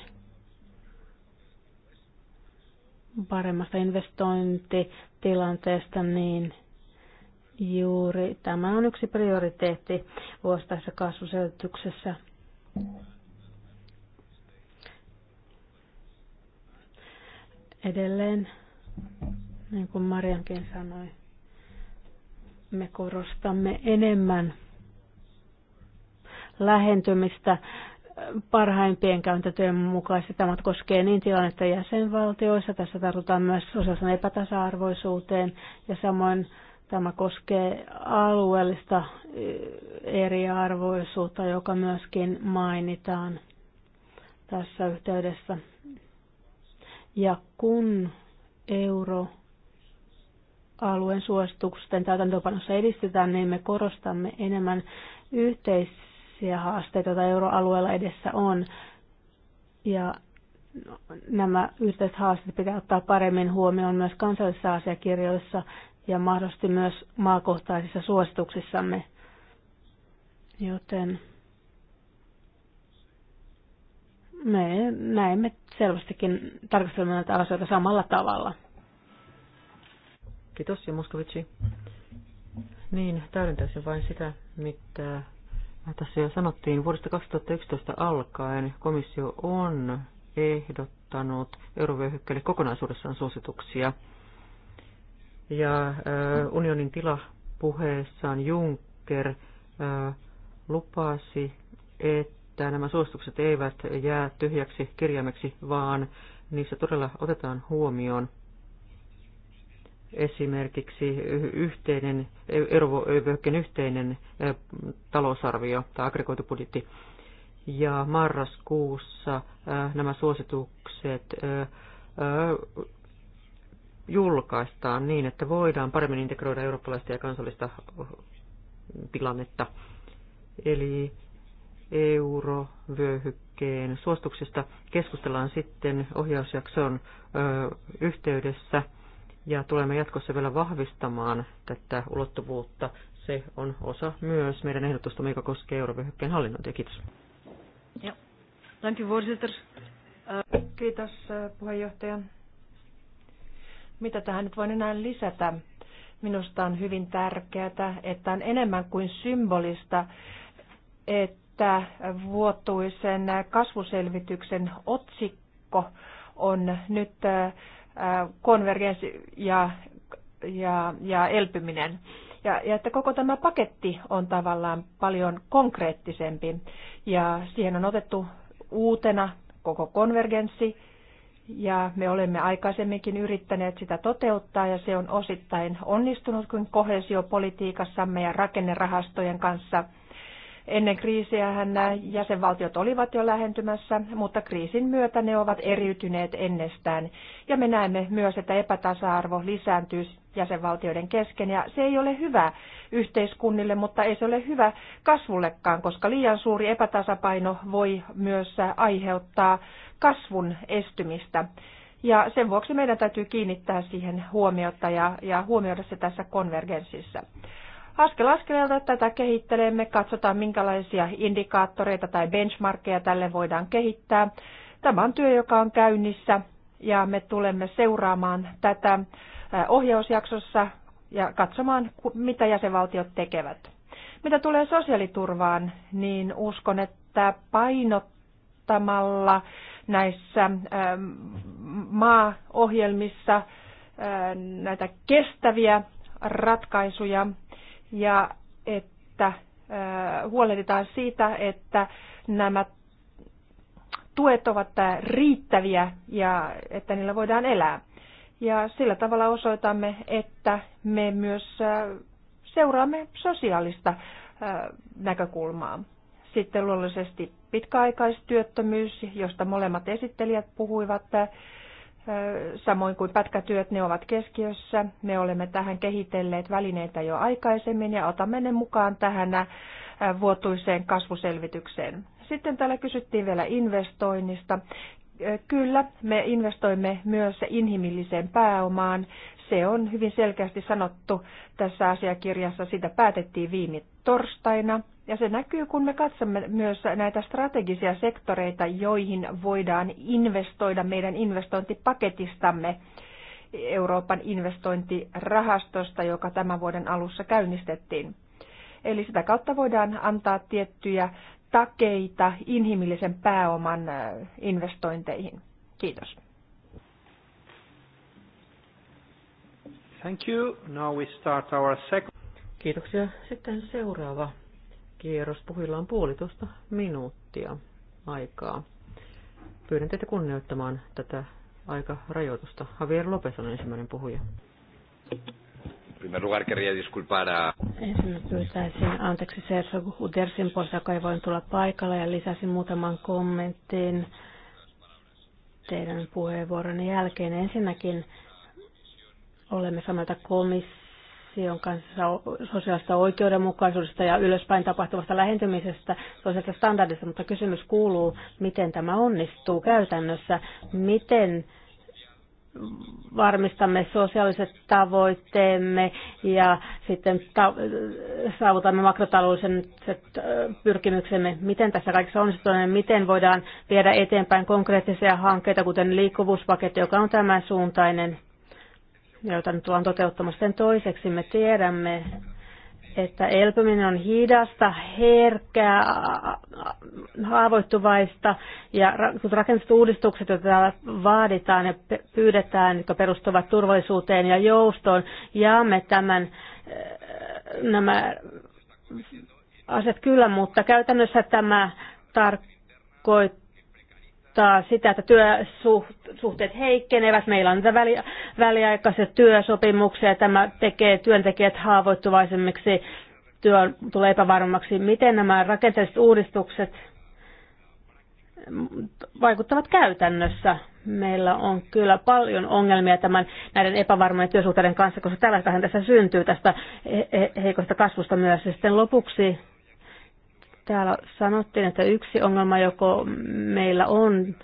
paremmasta investointitilanteesta, niin juuri tämä on yksi prioriteetti vuosittaisessa kasvuselityksessä. Edelleen, niin kuin Mariankin sanoi, me korostamme enemmän – lähentymistä parhaimpien käyntätyön mukaisesti. Tämä koskee niin tilannetta jäsenvaltioissa, tässä tartutaan myös sosiaalisen epätasa-arvoisuuteen ja samoin tämä koskee alueellista eriarvoisuutta, joka myöskin mainitaan tässä yhteydessä. Ja kun euro alueen suositusten täytäntöönpanossa edistetään, niin me korostamme enemmän yhteis- erilaisia haasteita, joita euroalueella edessä on. Ja nämä yhteiset haasteet pitää ottaa paremmin huomioon myös kansallisissa asiakirjoissa ja mahdollisesti myös maakohtaisissa suosituksissamme. Joten me näemme selvästikin tarkastelemme näitä asioita samalla tavalla. Kiitos, ja Niin, täydentäisin vain sitä, mitä tässä jo sanottiin, vuodesta 2011 alkaen komissio on ehdottanut eurovyöhykkeelle kokonaisuudessaan suosituksia. Ja unionin tilapuheessaan Juncker lupasi, että nämä suositukset eivät jää tyhjäksi kirjaimeksi, vaan niissä todella otetaan huomioon esimerkiksi yhteinen, eurovyöhykkeen yhteinen talousarvio tai aggregoitu budjetti. Ja marraskuussa nämä suositukset julkaistaan niin, että voidaan paremmin integroida eurooppalaista ja kansallista tilannetta. Eli eurovyöhykkeen suostuksista keskustellaan sitten ohjausjakson yhteydessä – ja tulemme jatkossa vielä vahvistamaan tätä ulottuvuutta. Se on osa myös meidän ehdotusta, mikä koskee eurovyöhykkeen hallinnointia. Kiitos. Ja. Dank voorzitter. Äh, kiitos äh, puheenjohtaja. Mitä tähän nyt voin enää lisätä? Minusta on hyvin tärkeää, että on enemmän kuin symbolista, että vuotuisen kasvuselvityksen otsikko on nyt äh, konvergenssi ja, ja, ja elpyminen. Ja, ja että koko tämä paketti on tavallaan paljon konkreettisempi ja siihen on otettu uutena koko konvergenssi ja me olemme aikaisemminkin yrittäneet sitä toteuttaa ja se on osittain onnistunut kuin kohesiopolitiikassamme ja rakennerahastojen kanssa – Ennen kriisiähän jäsenvaltiot olivat jo lähentymässä, mutta kriisin myötä ne ovat eriytyneet ennestään. Ja me näemme myös, että epätasa-arvo lisääntyy jäsenvaltioiden kesken. Ja se ei ole hyvä yhteiskunnille, mutta ei se ole hyvä kasvullekaan, koska liian suuri epätasapaino voi myös aiheuttaa kasvun estymistä. Ja sen vuoksi meidän täytyy kiinnittää siihen huomiota ja, ja huomioida se tässä konvergenssissa askel askeleelta tätä kehittelemme, katsotaan minkälaisia indikaattoreita tai benchmarkkeja tälle voidaan kehittää. Tämä on työ, joka on käynnissä ja me tulemme seuraamaan tätä ohjausjaksossa ja katsomaan, mitä jäsenvaltiot tekevät. Mitä tulee sosiaaliturvaan, niin uskon, että painottamalla näissä maaohjelmissa näitä kestäviä ratkaisuja ja että huolehditaan siitä, että nämä tuet ovat riittäviä ja että niillä voidaan elää. Ja sillä tavalla osoitamme, että me myös seuraamme sosiaalista näkökulmaa. Sitten luonnollisesti pitkäaikaistyöttömyys, josta molemmat esittelijät puhuivat, Samoin kuin pätkätyöt, ne ovat keskiössä. Me olemme tähän kehitelleet välineitä jo aikaisemmin ja otamme ne mukaan tähän vuotuiseen kasvuselvitykseen. Sitten täällä kysyttiin vielä investoinnista. Kyllä, me investoimme myös inhimilliseen pääomaan. Se on hyvin selkeästi sanottu tässä asiakirjassa. Sitä päätettiin viime torstaina. Ja se näkyy, kun me katsomme myös näitä strategisia sektoreita, joihin voidaan investoida meidän investointipaketistamme Euroopan investointirahastosta, joka tämän vuoden alussa käynnistettiin. Eli sitä kautta voidaan antaa tiettyjä takeita inhimillisen pääoman investointeihin. Kiitos. Thank you. Now we start our second. Kiitoksia. Sitten seuraava kierros. Puhilla on puolitoista minuuttia aikaa. Pyydän teitä kunnioittamaan tätä aikarajoitusta. Javier Lopes on ensimmäinen puhuja. Primer lugar disculpar a... pyytäisin anteeksi Sergio Udersin puolesta, joka ei voinut tulla paikalla ja lisäsin muutaman kommentin teidän puheenvuoronne jälkeen. Ensinnäkin olemme samalta komissiolta on kanssa sosiaalista oikeudenmukaisuudesta ja ylöspäin tapahtuvasta lähentymisestä sosiaalisesta standardista, mutta kysymys kuuluu, miten tämä onnistuu käytännössä, miten varmistamme sosiaaliset tavoitteemme ja sitten ta- saavutamme makrotaloudelliset äh, pyrkimyksemme, miten tässä kaikessa onnistuu, miten voidaan viedä eteenpäin konkreettisia hankkeita, kuten liikkuvuuspaketti, joka on tämän suuntainen joita nyt ollaan toteuttamassa. Sen toiseksi me tiedämme, että elpyminen on hidasta, herkkää, haavoittuvaista ja rakennetut uudistukset, joita täällä vaaditaan ja pyydetään, jotka perustuvat turvallisuuteen ja joustoon, jaamme tämän, eh, nämä asiat kyllä, mutta käytännössä tämä tarkoittaa, tarkoittaa sitä, että työsuhteet heikkenevät. Meillä on näitä väliaikaisia työsopimuksia ja tämä tekee työntekijät haavoittuvaisemmiksi. Työ tulee epävarmaksi. Miten nämä rakenteelliset uudistukset vaikuttavat käytännössä? Meillä on kyllä paljon ongelmia tämän, näiden epävarmojen työsuhteiden kanssa, koska tällaistahan tässä syntyy tästä heikosta kasvusta myös. Ja sitten lopuksi Täällä sanottiin, että yksi ongelma, joko meillä on,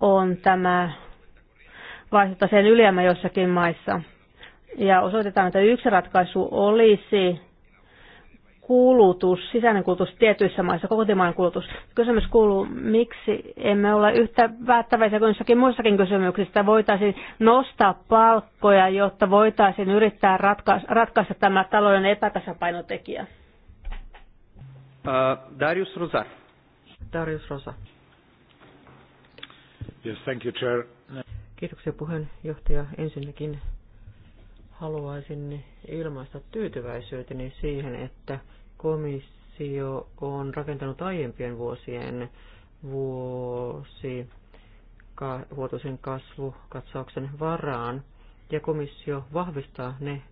on tämä vaihtotaseen ylijäämä jossakin maissa. Ja osoitetaan, että yksi ratkaisu olisi kulutus, sisäinen kulutus tietyissä maissa, kotimaan kulutus. Kysymys kuuluu, miksi emme ole yhtä päättäväisiä kuin jossakin muissakin kysymyksissä. Voitaisiin nostaa palkkoja, jotta voitaisiin yrittää ratkaista, ratkaista tämä talouden epätasapainotekijä. Darius Rozar. Darius Rosa. Yes, thank you, Chair. Kiitoksia puheenjohtaja. Ensinnäkin haluaisin ilmaista tyytyväisyyteni siihen, että komissio on rakentanut aiempien vuosien vuosi vuotuisen kasvukatsauksen varaan, ja komissio vahvistaa ne,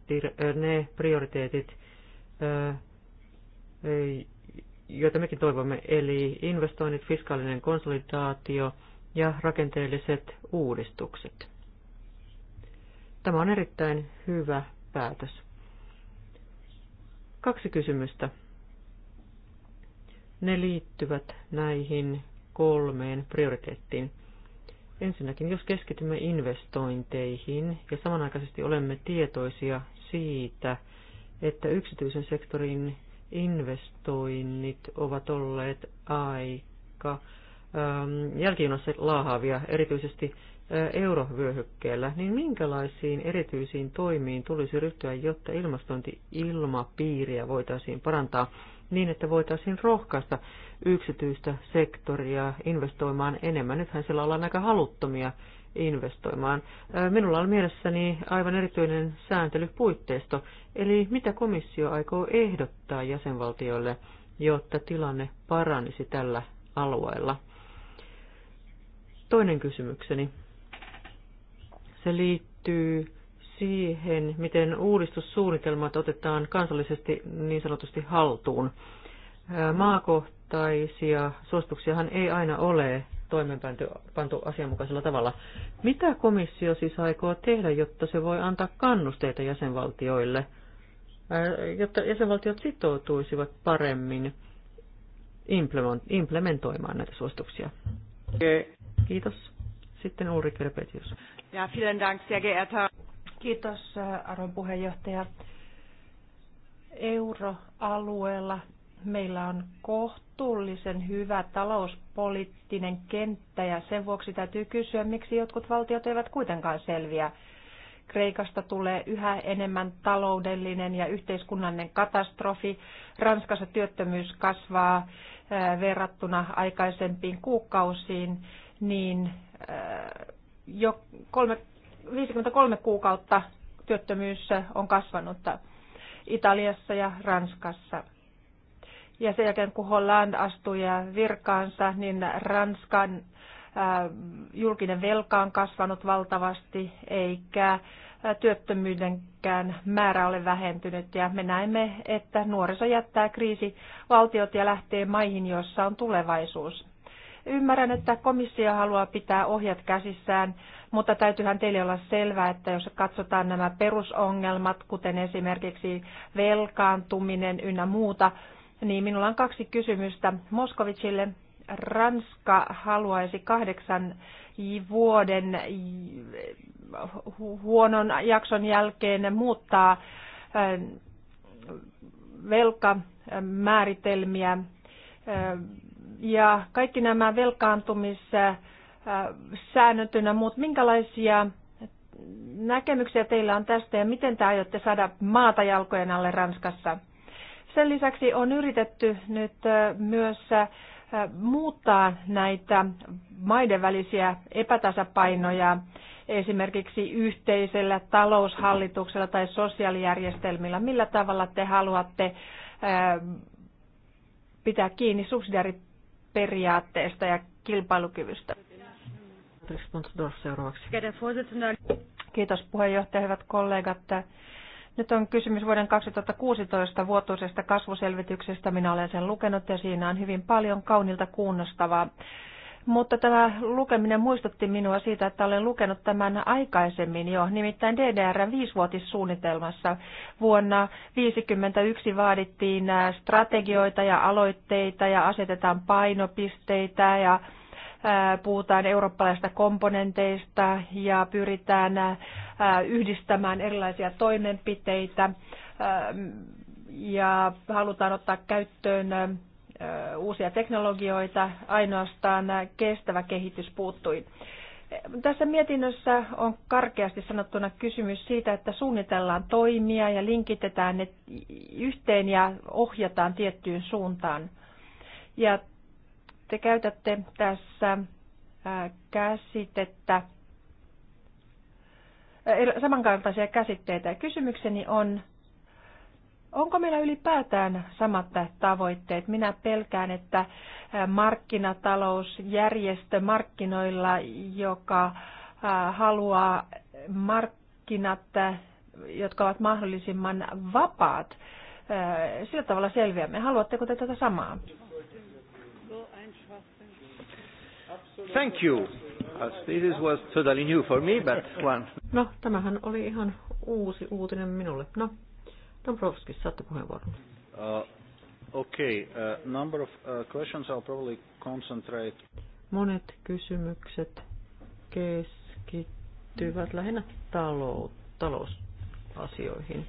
ne prioriteetit, joita mekin toivomme, eli investoinnit, fiskaalinen konsolidaatio ja rakenteelliset uudistukset. Tämä on erittäin hyvä päätös. Kaksi kysymystä. Ne liittyvät näihin kolmeen prioriteettiin. Ensinnäkin, jos keskitymme investointeihin ja samanaikaisesti olemme tietoisia siitä, että yksityisen sektorin investoinnit ovat olleet aika ähm, jälkijunassa laahaavia, erityisesti äh, eurovyöhykkeellä, niin minkälaisiin erityisiin toimiin tulisi ryhtyä, jotta ilmastointi-ilmapiiriä voitaisiin parantaa niin, että voitaisiin rohkaista yksityistä sektoria investoimaan enemmän. Nythän siellä ollaan aika haluttomia investoimaan. Minulla on mielessäni aivan erityinen sääntelypuitteisto, eli mitä komissio aikoo ehdottaa jäsenvaltioille, jotta tilanne paranisi tällä alueella. Toinen kysymykseni. Se liittyy siihen, miten uudistussuunnitelmat otetaan kansallisesti niin sanotusti haltuun. Maakohtaisia suosituksiahan ei aina ole toimeenpantu asianmukaisella tavalla. Mitä komissio siis aikoo tehdä, jotta se voi antaa kannusteita jäsenvaltioille, äh, jotta jäsenvaltiot sitoutuisivat paremmin implementoimaan näitä suosituksia? Kiitos. Sitten Ulrike Kerpetius. Ja, vielen dank, sehr geehrter. Kiitos, äh, arvon puheenjohtaja euroalueella meillä on kohtuullisen hyvä talouspoliittinen kenttä ja sen vuoksi täytyy kysyä, miksi jotkut valtiot eivät kuitenkaan selviä. Kreikasta tulee yhä enemmän taloudellinen ja yhteiskunnallinen katastrofi. Ranskassa työttömyys kasvaa äh, verrattuna aikaisempiin kuukausiin, niin äh, jo kolme, 53 kuukautta työttömyys on kasvanut Italiassa ja Ranskassa – ja sen jälkeen, kun Holland astui virkaansa, niin Ranskan julkinen velka on kasvanut valtavasti, eikä työttömyydenkään määrä ole vähentynyt. Ja me näemme, että nuoriso jättää kriisivaltiot ja lähtee maihin, joissa on tulevaisuus. Ymmärrän, että komissio haluaa pitää ohjat käsissään, mutta täytyyhän teille olla selvää, että jos katsotaan nämä perusongelmat, kuten esimerkiksi velkaantuminen ynnä muuta, niin, minulla on kaksi kysymystä Moskovicille. Ranska haluaisi kahdeksan vuoden huonon jakson jälkeen muuttaa ähm, velkamääritelmiä. Äh, ja kaikki nämä velkaantumissäännöt ja muut, minkälaisia näkemyksiä teillä on tästä ja miten te aiotte saada maata jalkojen alle Ranskassa? Sen lisäksi on yritetty nyt myös muuttaa näitä maiden välisiä epätasapainoja esimerkiksi yhteisellä taloushallituksella tai sosiaalijärjestelmillä? Millä tavalla te haluatte pitää kiinni subsidiariperiaatteesta ja kilpailukyvystä? Kiitos puheenjohtaja, hyvät kollegat. Nyt on kysymys vuoden 2016 vuotuisesta kasvuselvityksestä. Minä olen sen lukenut ja siinä on hyvin paljon kaunilta kuunnostavaa. Mutta tämä lukeminen muistutti minua siitä, että olen lukenut tämän aikaisemmin jo, nimittäin DDR viisivuotissuunnitelmassa. Vuonna 1951 vaadittiin strategioita ja aloitteita ja asetetaan painopisteitä ja puhutaan eurooppalaisista komponenteista ja pyritään yhdistämään erilaisia toimenpiteitä ja halutaan ottaa käyttöön uusia teknologioita, ainoastaan kestävä kehitys puuttui. Tässä mietinnössä on karkeasti sanottuna kysymys siitä, että suunnitellaan toimia ja linkitetään ne yhteen ja ohjataan tiettyyn suuntaan. Ja te käytätte tässä käsitettä, er, samankaltaisia käsitteitä. Kysymykseni on, onko meillä ylipäätään samat tavoitteet? Minä pelkään, että markkinatalousjärjestö markkinoilla, joka haluaa markkinat, jotka ovat mahdollisimman vapaat, sillä tavalla selviämme. Haluatteko te tätä samaa? Thank you. As this was totally new for me, but one. No, tämähän oli ihan uusi uutinen minulle. No, Dombrovskis, saatte puheenvuoron. Uh, okay, uh, number of uh, questions I'll probably concentrate. Monet kysymykset keskittyvät lähinnä talou- talousasioihin.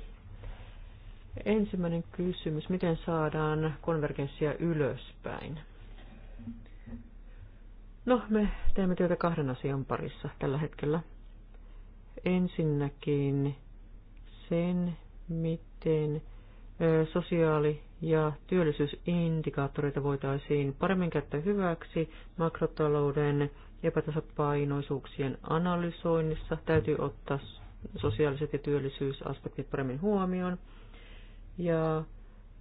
Ensimmäinen kysymys, miten saadaan konvergenssia ylöspäin? No, me teemme työtä kahden asian parissa tällä hetkellä. Ensinnäkin sen, miten sosiaali- ja työllisyysindikaattoreita voitaisiin paremmin käyttää hyväksi makrotalouden epätasapainoisuuksien analysoinnissa. Täytyy ottaa sosiaaliset ja työllisyysaspektit paremmin huomioon. Ja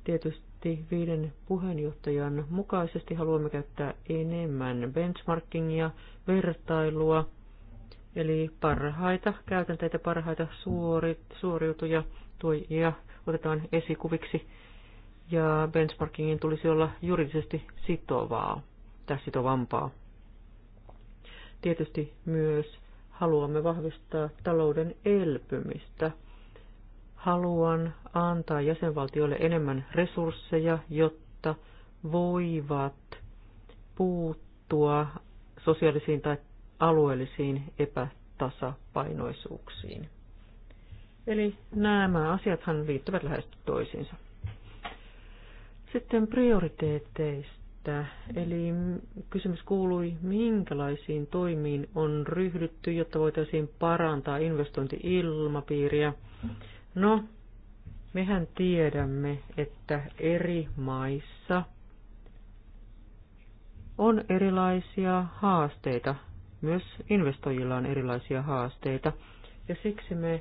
tietysti parlamentti viiden puheenjohtajan mukaisesti haluamme käyttää enemmän benchmarkingia, vertailua, eli parhaita käytänteitä, parhaita suorit, suoriutuja tuojia otetaan esikuviksi, ja benchmarkingin tulisi olla juridisesti sitovaa tai sitovampaa. Tietysti myös haluamme vahvistaa talouden elpymistä – Haluan antaa jäsenvaltioille enemmän resursseja, jotta voivat puuttua sosiaalisiin tai alueellisiin epätasapainoisuuksiin. Eli nämä asiathan liittyvät lähes toisiinsa. Sitten prioriteetteista. Eli kysymys kuului, minkälaisiin toimiin on ryhdytty, jotta voitaisiin parantaa investointiilmapiiriä No, mehän tiedämme, että eri maissa on erilaisia haasteita. Myös investoijilla on erilaisia haasteita. Ja siksi me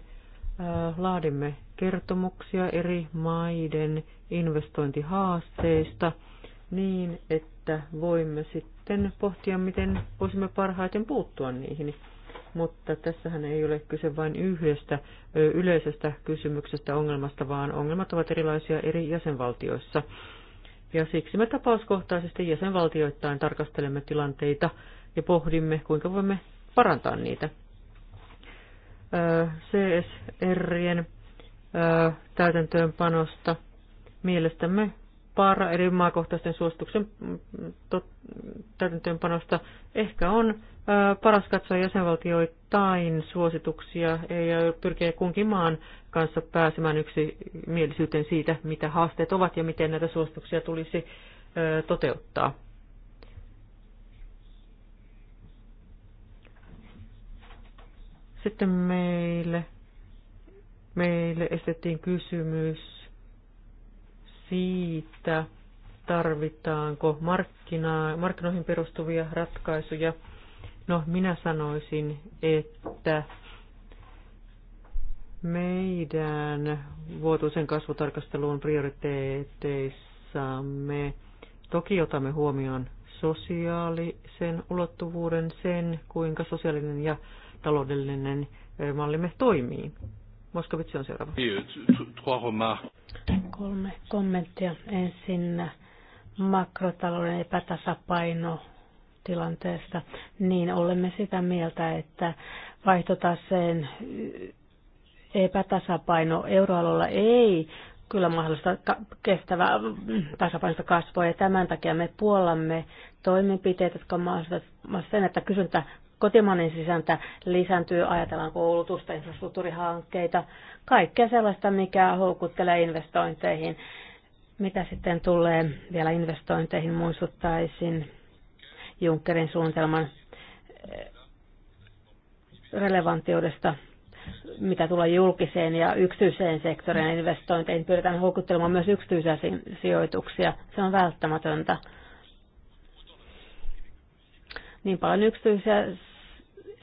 laadimme kertomuksia eri maiden investointihaasteista niin, että voimme sitten pohtia, miten voisimme parhaiten puuttua niihin mutta tässähän ei ole kyse vain yhdestä yleisestä kysymyksestä ongelmasta, vaan ongelmat ovat erilaisia eri jäsenvaltioissa. Ja siksi me tapauskohtaisesti jäsenvaltioittain tarkastelemme tilanteita ja pohdimme, kuinka voimme parantaa niitä. CSRien täytäntöönpanosta mielestämme para eri maakohtaisten suosituksen mm, täytäntöönpanosta ehkä on paras katsoa jäsenvaltioittain suosituksia ja pyrkiä kunkin maan kanssa pääsemään mielisyyteen siitä, mitä haasteet ovat ja miten näitä suosituksia tulisi toteuttaa. Sitten meille, meille estettiin kysymys siitä, tarvitaanko markkinoihin perustuvia ratkaisuja – No, minä sanoisin, että meidän vuotuisen kasvutarkasteluun prioriteeteissamme toki otamme huomioon sosiaalisen ulottuvuuden, sen kuinka sosiaalinen ja taloudellinen mallimme toimii. Moskovitsi on seuraava. Kolme kommenttia. Ensin makrotalouden epätasapaino tilanteesta, niin olemme sitä mieltä, että vaihtotaseen epätasapaino euroalueella ei kyllä mahdollista kestävää mm, tasapainosta kasvua ja tämän takia me puollamme toimenpiteitä, jotka mahdollistavat sen, että kysyntä kotimainen sisäntä lisääntyy, ajatellaan koulutusta, infrastruktuurihankkeita, kaikkea sellaista, mikä houkuttelee investointeihin. Mitä sitten tulee vielä investointeihin, muistuttaisin Junckerin suunnitelman eh, relevanttiudesta, mitä tulee julkiseen ja yksityiseen sektorin investointeihin. Pyritään houkuttelemaan myös yksityisiä sijoituksia. Se on välttämätöntä. Niin paljon yksityisiä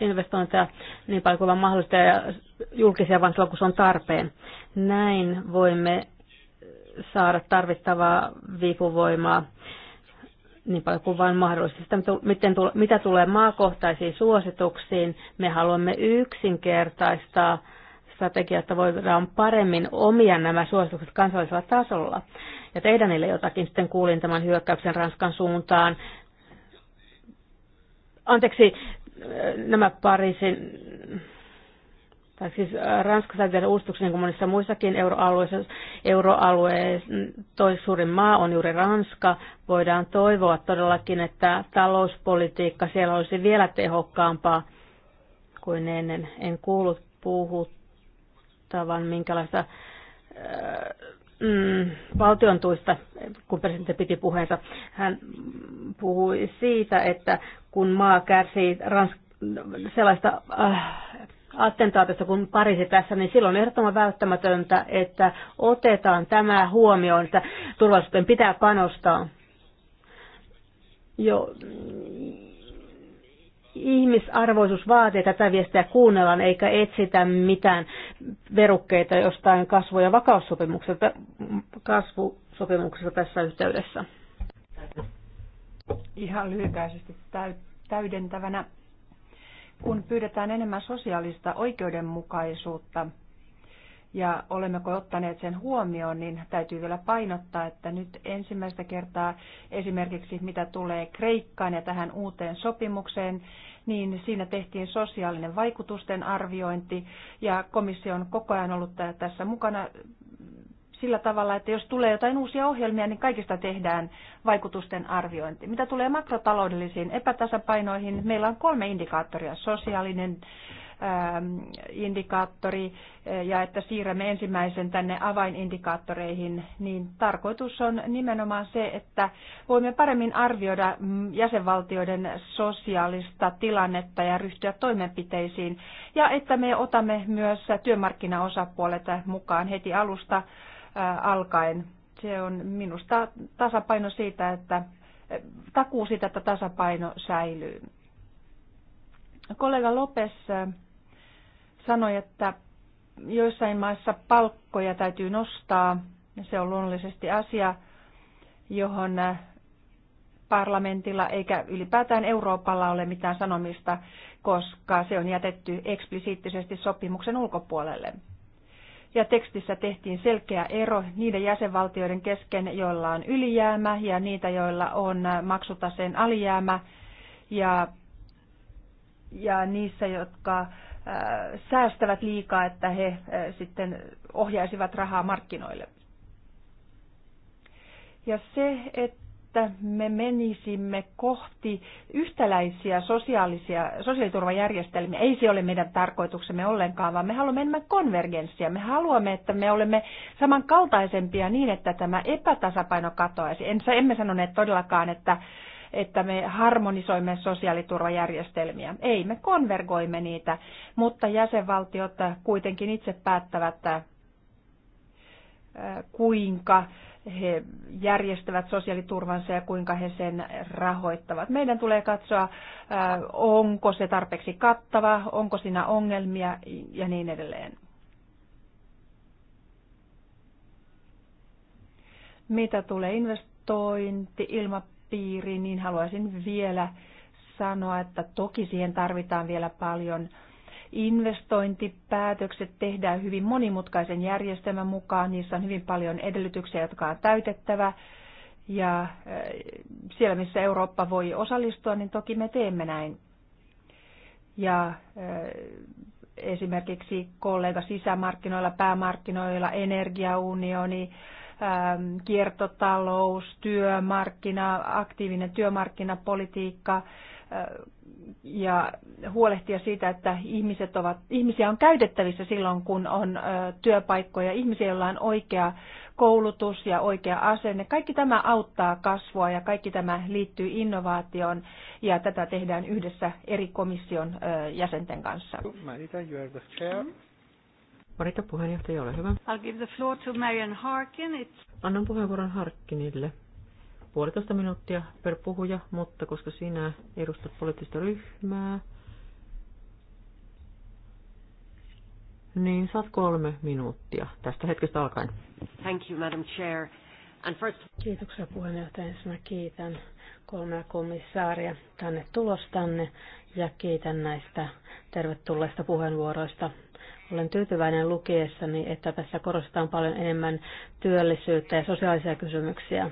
investointeja niin paljon kuin mahdollista ja julkisia vain silloin, kun se on tarpeen. Näin voimme saada tarvittavaa viipuvoimaa niin paljon kuin vain mahdollista. miten, mitä tulee maakohtaisiin suosituksiin, me haluamme yksinkertaistaa strategiaa, että voidaan paremmin omia nämä suositukset kansallisella tasolla ja tehdä niille jotakin. Sitten kuulin tämän hyökkäyksen Ranskan suuntaan. Anteeksi, nämä Pariisin tai siis äh, Ranskassa tehdä uudistuksia niin kuin monissa muissakin euroalueissa. Euroalueen mm, toinen suurin maa on juuri Ranska. Voidaan toivoa todellakin, että talouspolitiikka siellä olisi vielä tehokkaampaa kuin ennen. En kuullut puhuttavan minkälaista äh, mm, valtion tuista, kun presidentti piti puheensa. Hän puhui siitä, että kun maa kärsii Ransk- sellaista äh, attentaatista kuin Pariisi tässä, niin silloin on ehdottoman välttämätöntä, että otetaan tämä huomioon, että turvallisuuteen pitää panostaa. Jo, ihmisarvoisuus vaatii tätä viestiä kuunnellaan, eikä etsitä mitään verukkeita jostain kasvu- ja vakaussopimuksesta, kasvusopimuksesta tässä yhteydessä. Ihan lyhykäisesti täydentävänä kun pyydetään enemmän sosiaalista oikeudenmukaisuutta ja olemmeko ottaneet sen huomioon, niin täytyy vielä painottaa, että nyt ensimmäistä kertaa esimerkiksi mitä tulee Kreikkaan ja tähän uuteen sopimukseen, niin siinä tehtiin sosiaalinen vaikutusten arviointi ja komissio on koko ajan ollut tässä mukana sillä tavalla, että jos tulee jotain uusia ohjelmia, niin kaikista tehdään vaikutusten arviointi. Mitä tulee makrotaloudellisiin epätasapainoihin, meillä on kolme indikaattoria. Sosiaalinen ähm, indikaattori äh, ja että siirrämme ensimmäisen tänne avainindikaattoreihin, niin tarkoitus on nimenomaan se, että voimme paremmin arvioida mm, jäsenvaltioiden sosiaalista tilannetta ja ryhtyä toimenpiteisiin ja että me otamme myös työmarkkinaosapuolet mukaan heti alusta alkaen. Se on minusta tasapaino siitä, että takuu siitä, että tasapaino säilyy. Kollega Lopes sanoi, että joissain maissa palkkoja täytyy nostaa. Se on luonnollisesti asia, johon parlamentilla eikä ylipäätään Euroopalla ole mitään sanomista, koska se on jätetty eksplisiittisesti sopimuksen ulkopuolelle ja tekstissä tehtiin selkeä ero niiden jäsenvaltioiden kesken, joilla on ylijäämä ja niitä, joilla on maksutaseen alijäämä ja, ja niissä, jotka äh, säästävät liikaa, että he äh, sitten ohjaisivat rahaa markkinoille. Ja se, että että me menisimme kohti yhtäläisiä sosiaalisia, sosiaaliturvajärjestelmiä. Ei se ole meidän tarkoituksemme ollenkaan, vaan me haluamme enemmän konvergenssia. Me haluamme, että me olemme samankaltaisempia niin, että tämä epätasapaino katoaisi. En, emme sanoneet todellakaan, että että me harmonisoimme sosiaaliturvajärjestelmiä. Ei, me konvergoimme niitä, mutta jäsenvaltiot kuitenkin itse päättävät, äh, kuinka he järjestävät sosiaaliturvansa ja kuinka he sen rahoittavat. Meidän tulee katsoa, äh, onko se tarpeeksi kattava, onko siinä ongelmia ja niin edelleen. Mitä tulee investointi ilmapiiriin, niin haluaisin vielä sanoa, että toki siihen tarvitaan vielä paljon – investointipäätökset tehdään hyvin monimutkaisen järjestelmän mukaan. Niissä on hyvin paljon edellytyksiä, jotka on täytettävä. Ja siellä, missä Eurooppa voi osallistua, niin toki me teemme näin. Ja esimerkiksi kollega sisämarkkinoilla, päämarkkinoilla, energiaunioni, kiertotalous, työmarkkina, aktiivinen työmarkkinapolitiikka, ja huolehtia siitä, että ihmiset ovat, ihmisiä on käytettävissä silloin, kun on työpaikkoja, ihmisiä, joilla on oikea koulutus ja oikea asenne. Kaikki tämä auttaa kasvua ja kaikki tämä liittyy innovaatioon ja tätä tehdään yhdessä eri komission jäsenten kanssa. Marita, you are the chair. Marita, puheenjohtaja, ole hyvä. I'll give the floor to Marian Harkin. It's... Annan puheenvuoron Harkinille puolitoista minuuttia per puhuja, mutta koska sinä edustat poliittista ryhmää, niin saat kolme minuuttia tästä hetkestä alkaen. Thank you, Madam Chair. And first... Kiitoksia puheenjohtaja. ensin kiitän kolmea komissaaria tänne tulostanne ja kiitän näistä tervetulleista puheenvuoroista. Olen tyytyväinen lukiessani, että tässä korostetaan paljon enemmän työllisyyttä ja sosiaalisia kysymyksiä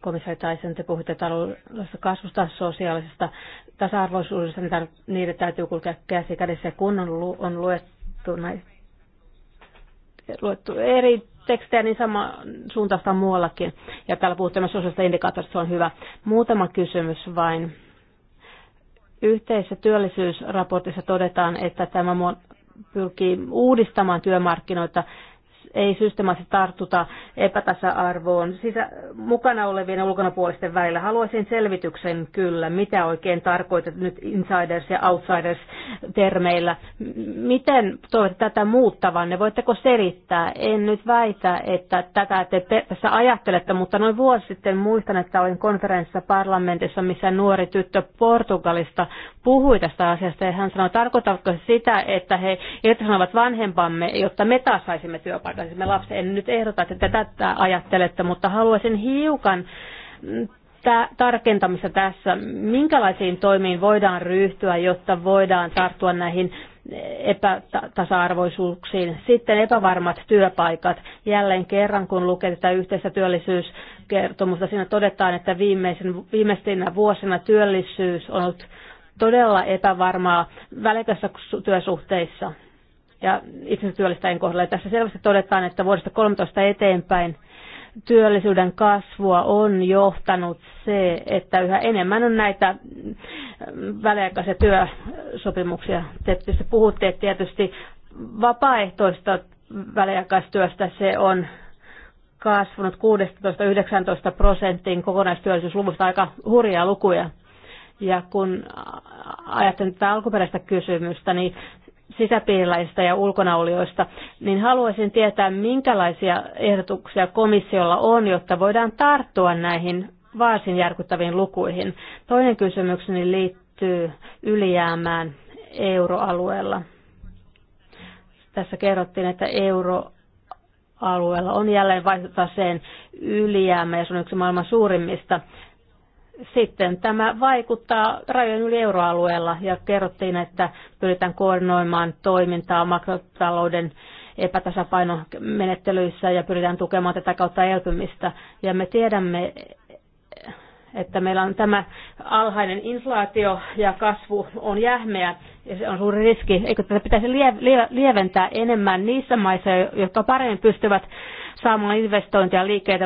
komissaari Tyson, te puhutte taloudellisesta kasvusta, sosiaalisesta tasa-arvoisuudesta, niin niiden täytyy kulkea käsi kädessä. Kun on, lu, on luettu, näin, luettu eri tekstejä, niin sama suuntaista on muuallakin. Ja täällä puhutte myös sosiaalista indikaattorista, se on hyvä. Muutama kysymys vain. Yhteisessä työllisyysraportissa todetaan, että tämä pyrkii uudistamaan työmarkkinoita ei systemaattisesti tartuta epätasa-arvoon sisä, mukana olevien ja ulkonapuolisten välillä. Haluaisin selvityksen kyllä, mitä oikein tarkoitat nyt insiders- ja outsiders-termeillä. Miten toivotte tätä muuttavan? Ne voitteko selittää? En nyt väitä, että tätä te tässä ajattelette, mutta noin vuosi sitten muistan, että olin konferenssissa parlamentissa, missä nuori tyttö Portugalista puhui tästä asiasta ja hän sanoi, tarkoitatko sitä, että he irtisanovat vanhempamme, jotta me taas saisimme työpaikan? hoitaisimme lapsen. En nyt ehdota, että tätä ajattelette, mutta haluaisin hiukan mm, tarkentamista tässä. Minkälaisiin toimiin voidaan ryhtyä, jotta voidaan tarttua näihin epätasa-arvoisuuksiin. Sitten epävarmat työpaikat. Jälleen kerran, kun lukee tätä yhteistä työllisyyskertomusta, siinä todetaan, että viimeisen, viimeisinä vuosina työllisyys on ollut todella epävarmaa välikössä työsuhteissa ja itsensä työllistäjien kohdalla. Ja tässä selvästi todetaan, että vuodesta 13 eteenpäin työllisyyden kasvua on johtanut se, että yhä enemmän on näitä mm, väliaikaisia työsopimuksia. Te tietysti puhutte tietysti vapaaehtoista väliaikaistyöstä, se on kasvanut 16-19 prosenttiin kokonaistyöllisyysluvusta aika hurjaa lukuja. Ja kun ajattelen tätä alkuperäistä kysymystä, niin sisäpiiriläisistä ja ulkonaolijoista, niin haluaisin tietää, minkälaisia ehdotuksia komissiolla on, jotta voidaan tarttua näihin varsin järkyttäviin lukuihin. Toinen kysymykseni liittyy ylijäämään euroalueella. Tässä kerrottiin, että euroalueella on jälleen vaihtotaseen ylijäämä ja se on yksi maailman suurimmista sitten tämä vaikuttaa rajojen yli euroalueella ja kerrottiin, että pyritään koordinoimaan toimintaa makrotalouden epätasapainomenettelyissä ja pyritään tukemaan tätä kautta elpymistä. Ja me tiedämme, että meillä on tämä alhainen inflaatio ja kasvu on jähmeä ja se on suuri riski. Eikö tätä pitäisi lieventää enemmän niissä maissa, jotka paremmin pystyvät saamaan investointia liikkeitä,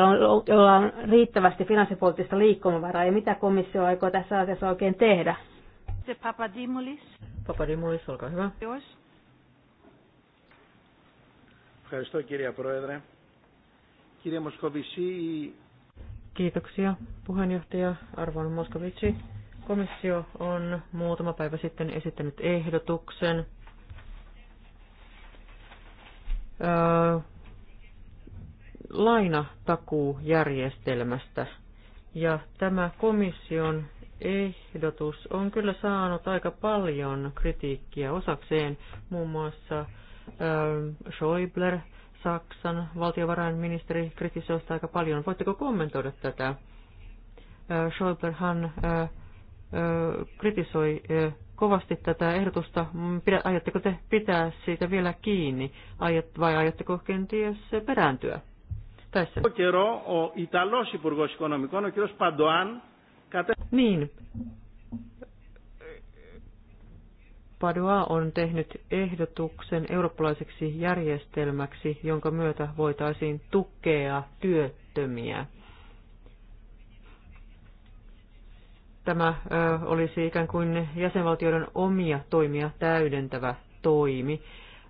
joilla on riittävästi finanssipoliittista liikkumavaraa. Ja mitä komissio aikoo tässä asiassa oikein tehdä? Papadimulis. Papadimulis, olkaa hyvä. Yours. Kiitos, kirja proedre, Kirja Moskovici. Kiitoksia puheenjohtaja Arvon Moskovici. Komissio on muutama päivä sitten esittänyt ehdotuksen lainatakuujärjestelmästä. Ja tämä komission ehdotus on kyllä saanut aika paljon kritiikkiä osakseen, muun muassa ähm, Schäuble, Saksan valtiovarainministeri, kritisoi sitä aika paljon. Voitteko kommentoida tätä? Äh, Schäublehan äh, äh, kritisoi kovasti tätä ehdotusta. Pidä, aiotteko te pitää siitä vielä kiinni vai aiotteko kenties perääntyä? Tässä. Kero, o Italos Υπουργό Οικονομικών, ο κύριος Παντοάν, κατέ... Niin. Padua on tehnyt ehdotuksen eurooppalaiseksi järjestelmäksi, jonka myötä voitaisiin tukea työttömiä. Tämä ö, olisi ikään kuin jäsenvaltioiden omia toimia täydentävä toimi.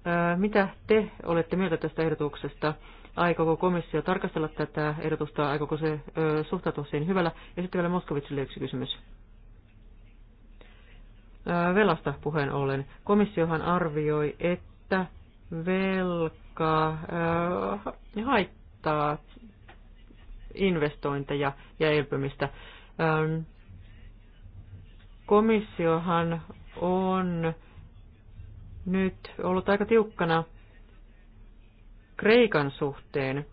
Ö, mitä te olette mieltä tästä ehdotuksesta? Aikooko komissio tarkastella tätä ehdotusta, aikooko se ö, suhtautua siihen hyvällä? Ja sitten vielä Moskovitsille yksi kysymys. Ö, velasta puheen ollen. Komissiohan arvioi, että velka ö, haittaa investointeja ja elpymistä. Ö, komissiohan on nyt ollut aika tiukkana Kreikan suhteen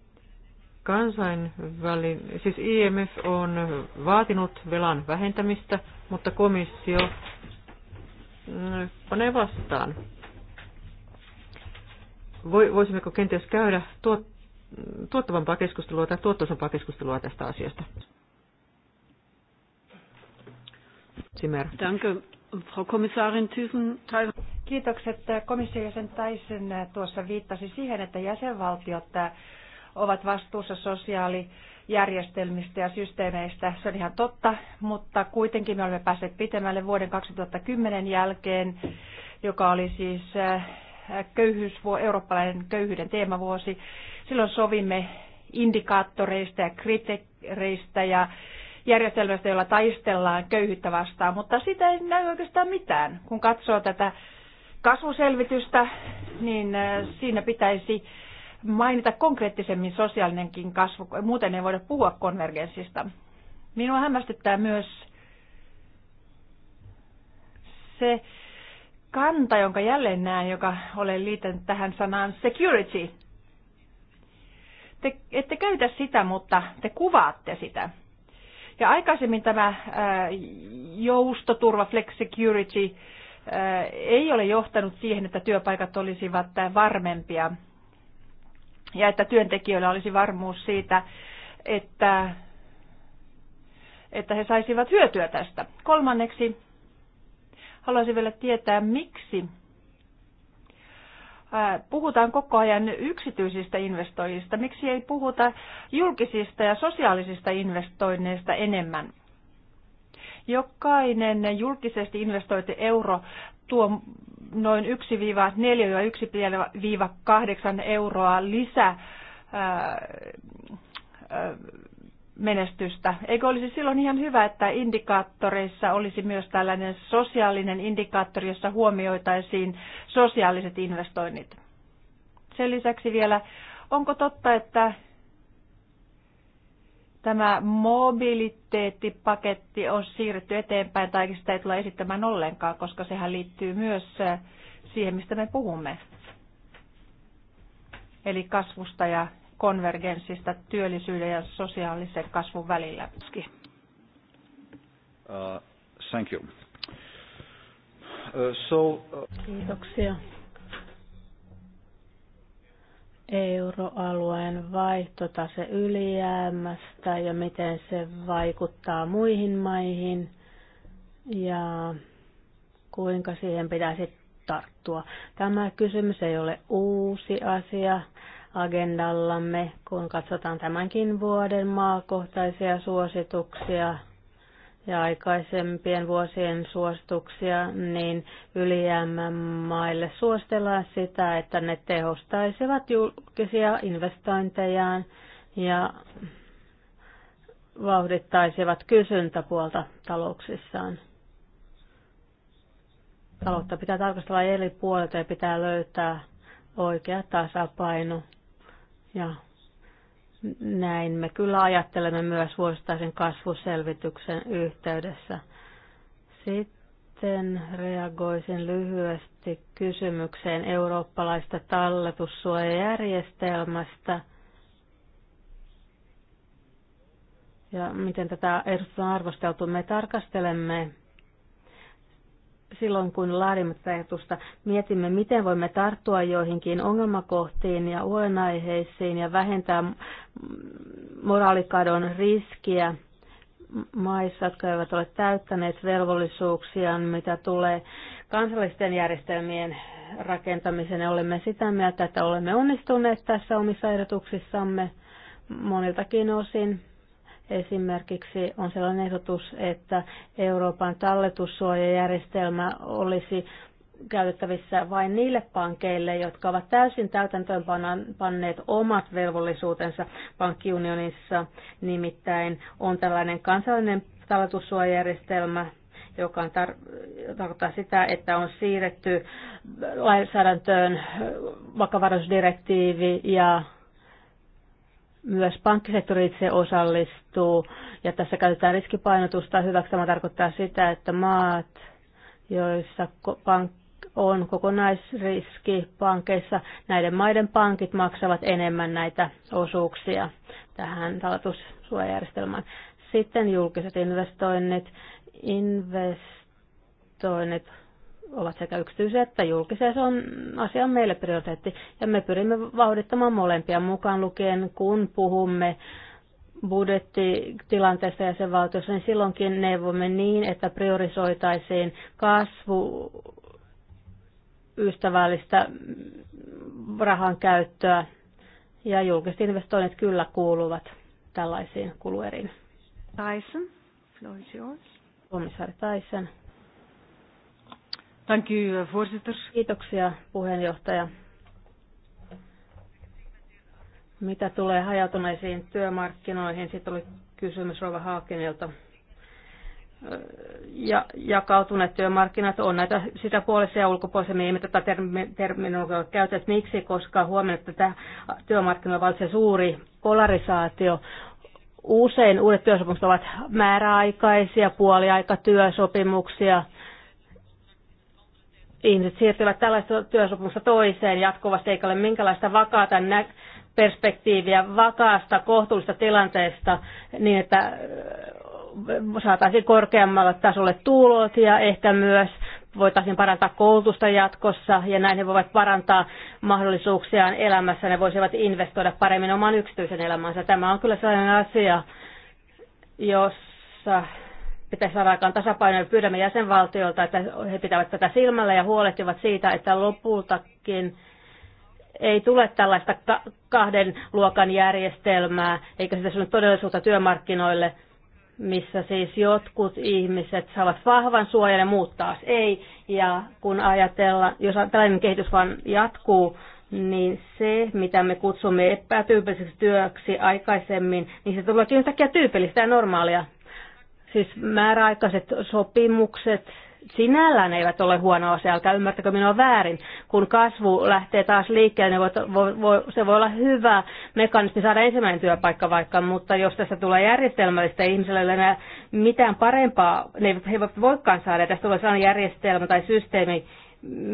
kansainvälinen, siis IMF on vaatinut velan vähentämistä, mutta komissio mm, panee vastaan. Voisimmeko kenties käydä tuot, tuottavampaa keskustelua tai tuottoisempaa keskustelua tästä asiasta? Zimmer. Danke, Frau Kommissarin Thyssen. Kiitokset. Komission jäsen Taisen tuossa viittasi siihen, että jäsenvaltiot ovat vastuussa sosiaalijärjestelmistä ja systeemeistä. Se on ihan totta, mutta kuitenkin me olemme päässeet pitemmälle vuoden 2010 jälkeen, joka oli siis köyhyysvuo, eurooppalainen köyhyyden teemavuosi. Silloin sovimme indikaattoreista ja kriteereistä ja järjestelmästä, jolla taistellaan köyhyyttä vastaan, mutta sitä ei näy oikeastaan mitään, kun katsoo tätä kasvuselvitystä, niin äh, siinä pitäisi mainita konkreettisemmin sosiaalinenkin kasvu, muuten ei voida puhua konvergenssista. Minua hämmästyttää myös se kanta, jonka jälleen näen, joka olen liittänyt tähän sanaan security. Te ette käytä sitä, mutta te kuvaatte sitä. Ja aikaisemmin tämä ää, äh, joustoturva, flex security, Äh, ei ole johtanut siihen, että työpaikat olisivat varmempia ja että työntekijöillä olisi varmuus siitä, että, että he saisivat hyötyä tästä. Kolmanneksi haluaisin vielä tietää, miksi äh, puhutaan koko ajan yksityisistä investoijista. Miksi ei puhuta julkisista ja sosiaalisista investoinneista enemmän? Jokainen julkisesti investoitu euro tuo noin 1-4 ja 1-8 euroa lisää menestystä. Eikö olisi silloin ihan hyvä, että indikaattoreissa olisi myös tällainen sosiaalinen indikaattori, jossa huomioitaisiin sosiaaliset investoinnit? Sen lisäksi vielä, onko totta, että tämä mobiliteettipaketti on siirretty eteenpäin, tai sitä ei tule esittämään ollenkaan, koska sehän liittyy myös siihen, mistä me puhumme. Eli kasvusta ja konvergenssista työllisyyden ja sosiaalisen kasvun välillä. Uh, thank you. Uh, so, uh... Kiitoksia euroalueen vaihtotase ylijäämästä ja miten se vaikuttaa muihin maihin ja kuinka siihen pitäisi tarttua. Tämä kysymys ei ole uusi asia agendallamme, kun katsotaan tämänkin vuoden maakohtaisia suosituksia – ja aikaisempien vuosien suostuksia, niin ylijäämän maille suostellaan sitä, että ne tehostaisivat julkisia investointejaan ja vauhdittaisivat kysyntäpuolta talouksissaan. Taloutta pitää tarkastella eri puolilta ja pitää löytää oikea tasapaino ja näin me kyllä ajattelemme myös vuosittaisen kasvuselvityksen yhteydessä. Sitten reagoisin lyhyesti kysymykseen eurooppalaista talletussuojajärjestelmästä ja miten tätä ehdotusta on arvosteltu. Me tarkastelemme silloin, kun laadimme tätä mietimme, miten voimme tarttua joihinkin ongelmakohtiin ja huolenaiheisiin ja vähentää moraalikadon riskiä maissa, jotka eivät ole täyttäneet velvollisuuksiaan, mitä tulee kansallisten järjestelmien rakentamiseen. Ja olemme sitä mieltä, että olemme onnistuneet tässä omissa ehdotuksissamme moniltakin osin Esimerkiksi on sellainen ehdotus, että Euroopan talletussuojajärjestelmä olisi käytettävissä vain niille pankeille, jotka ovat täysin täytäntöönpanneet omat velvollisuutensa pankkiunionissa. Nimittäin on tällainen kansallinen talletussuojajärjestelmä, joka on tar- tarkoittaa sitä, että on siirretty lainsäädäntöön vakavaraisuusdirektiivi ja myös pankkisektori itse osallistuu ja tässä käytetään riskipainotusta hyväksi. Tämä tarkoittaa sitä, että maat, joissa on kokonaisriski pankeissa, näiden maiden pankit maksavat enemmän näitä osuuksia tähän talotussuojajärjestelmään. Sitten julkiset investoinnit. Investoinnit ovat sekä yksityisiä että julkisia. Se on asia meille prioriteetti ja me pyrimme vauhdittamaan molempia mukaan lukien, kun puhumme budjettitilanteesta valtiossa, niin silloinkin neuvomme niin, että priorisoitaisiin kasvu ystävällistä rahan käyttöä ja julkiset investoinnit kyllä kuuluvat tällaisiin kulueriin. Tyson, floor is yours. Komissaari Tyson. Thank you, eh, voorzitter. Kiitoksia puheenjohtaja. Mitä tulee hajautuneisiin työmarkkinoihin, sitten oli kysymys Rova Haakenilta. Eh, ja, jakautuneet työmarkkinat on näitä sisäpuolisia ja ulkopuolisia, me emme tätä terminologiaa käytä. Miksi? Koska että tämä työmarkkinoilla valitsee suuri polarisaatio. Usein uudet työsopimukset ovat määräaikaisia, puoliaikatyösopimuksia, työsopimuksia ihmiset siirtyvät tällaista työsopimusta toiseen jatkuvasti, eikä ole minkälaista vakaata nä- perspektiiviä vakaasta, kohtuullista tilanteesta niin, että saataisiin korkeammalle tasolle tulot ja ehkä myös voitaisiin parantaa koulutusta jatkossa ja näin he voivat parantaa mahdollisuuksiaan elämässä. Ne voisivat investoida paremmin omaan yksityisen elämänsä. Tämä on kyllä sellainen asia, jossa pitäisi saada aikaan tasapaino ja pyydämme jäsenvaltioilta, että he pitävät tätä silmällä ja huolehtivat siitä, että lopultakin ei tule tällaista kahden luokan järjestelmää, eikä sitä sinun todellisuutta työmarkkinoille, missä siis jotkut ihmiset saavat vahvan suojan ja muut taas ei. Ja kun ajatellaan, jos tällainen kehitys vaan jatkuu, niin se, mitä me kutsumme epätyypilliseksi työksi aikaisemmin, niin se tuleekin yhtäkkiä tyypillistä ja normaalia. Siis määräaikaiset sopimukset sinällään eivät ole huono asia, älkää ymmärtäkö minua väärin. Kun kasvu lähtee taas liikkeelle, niin voi, voi, se voi olla hyvä mekanismi saada ensimmäinen työpaikka vaikka, mutta jos tässä tulee järjestelmällistä ihmiselle ei mitään parempaa, ne niin eivät, he eivät voikaan saada, tässä tästä tulee sellainen järjestelmä tai systeemi,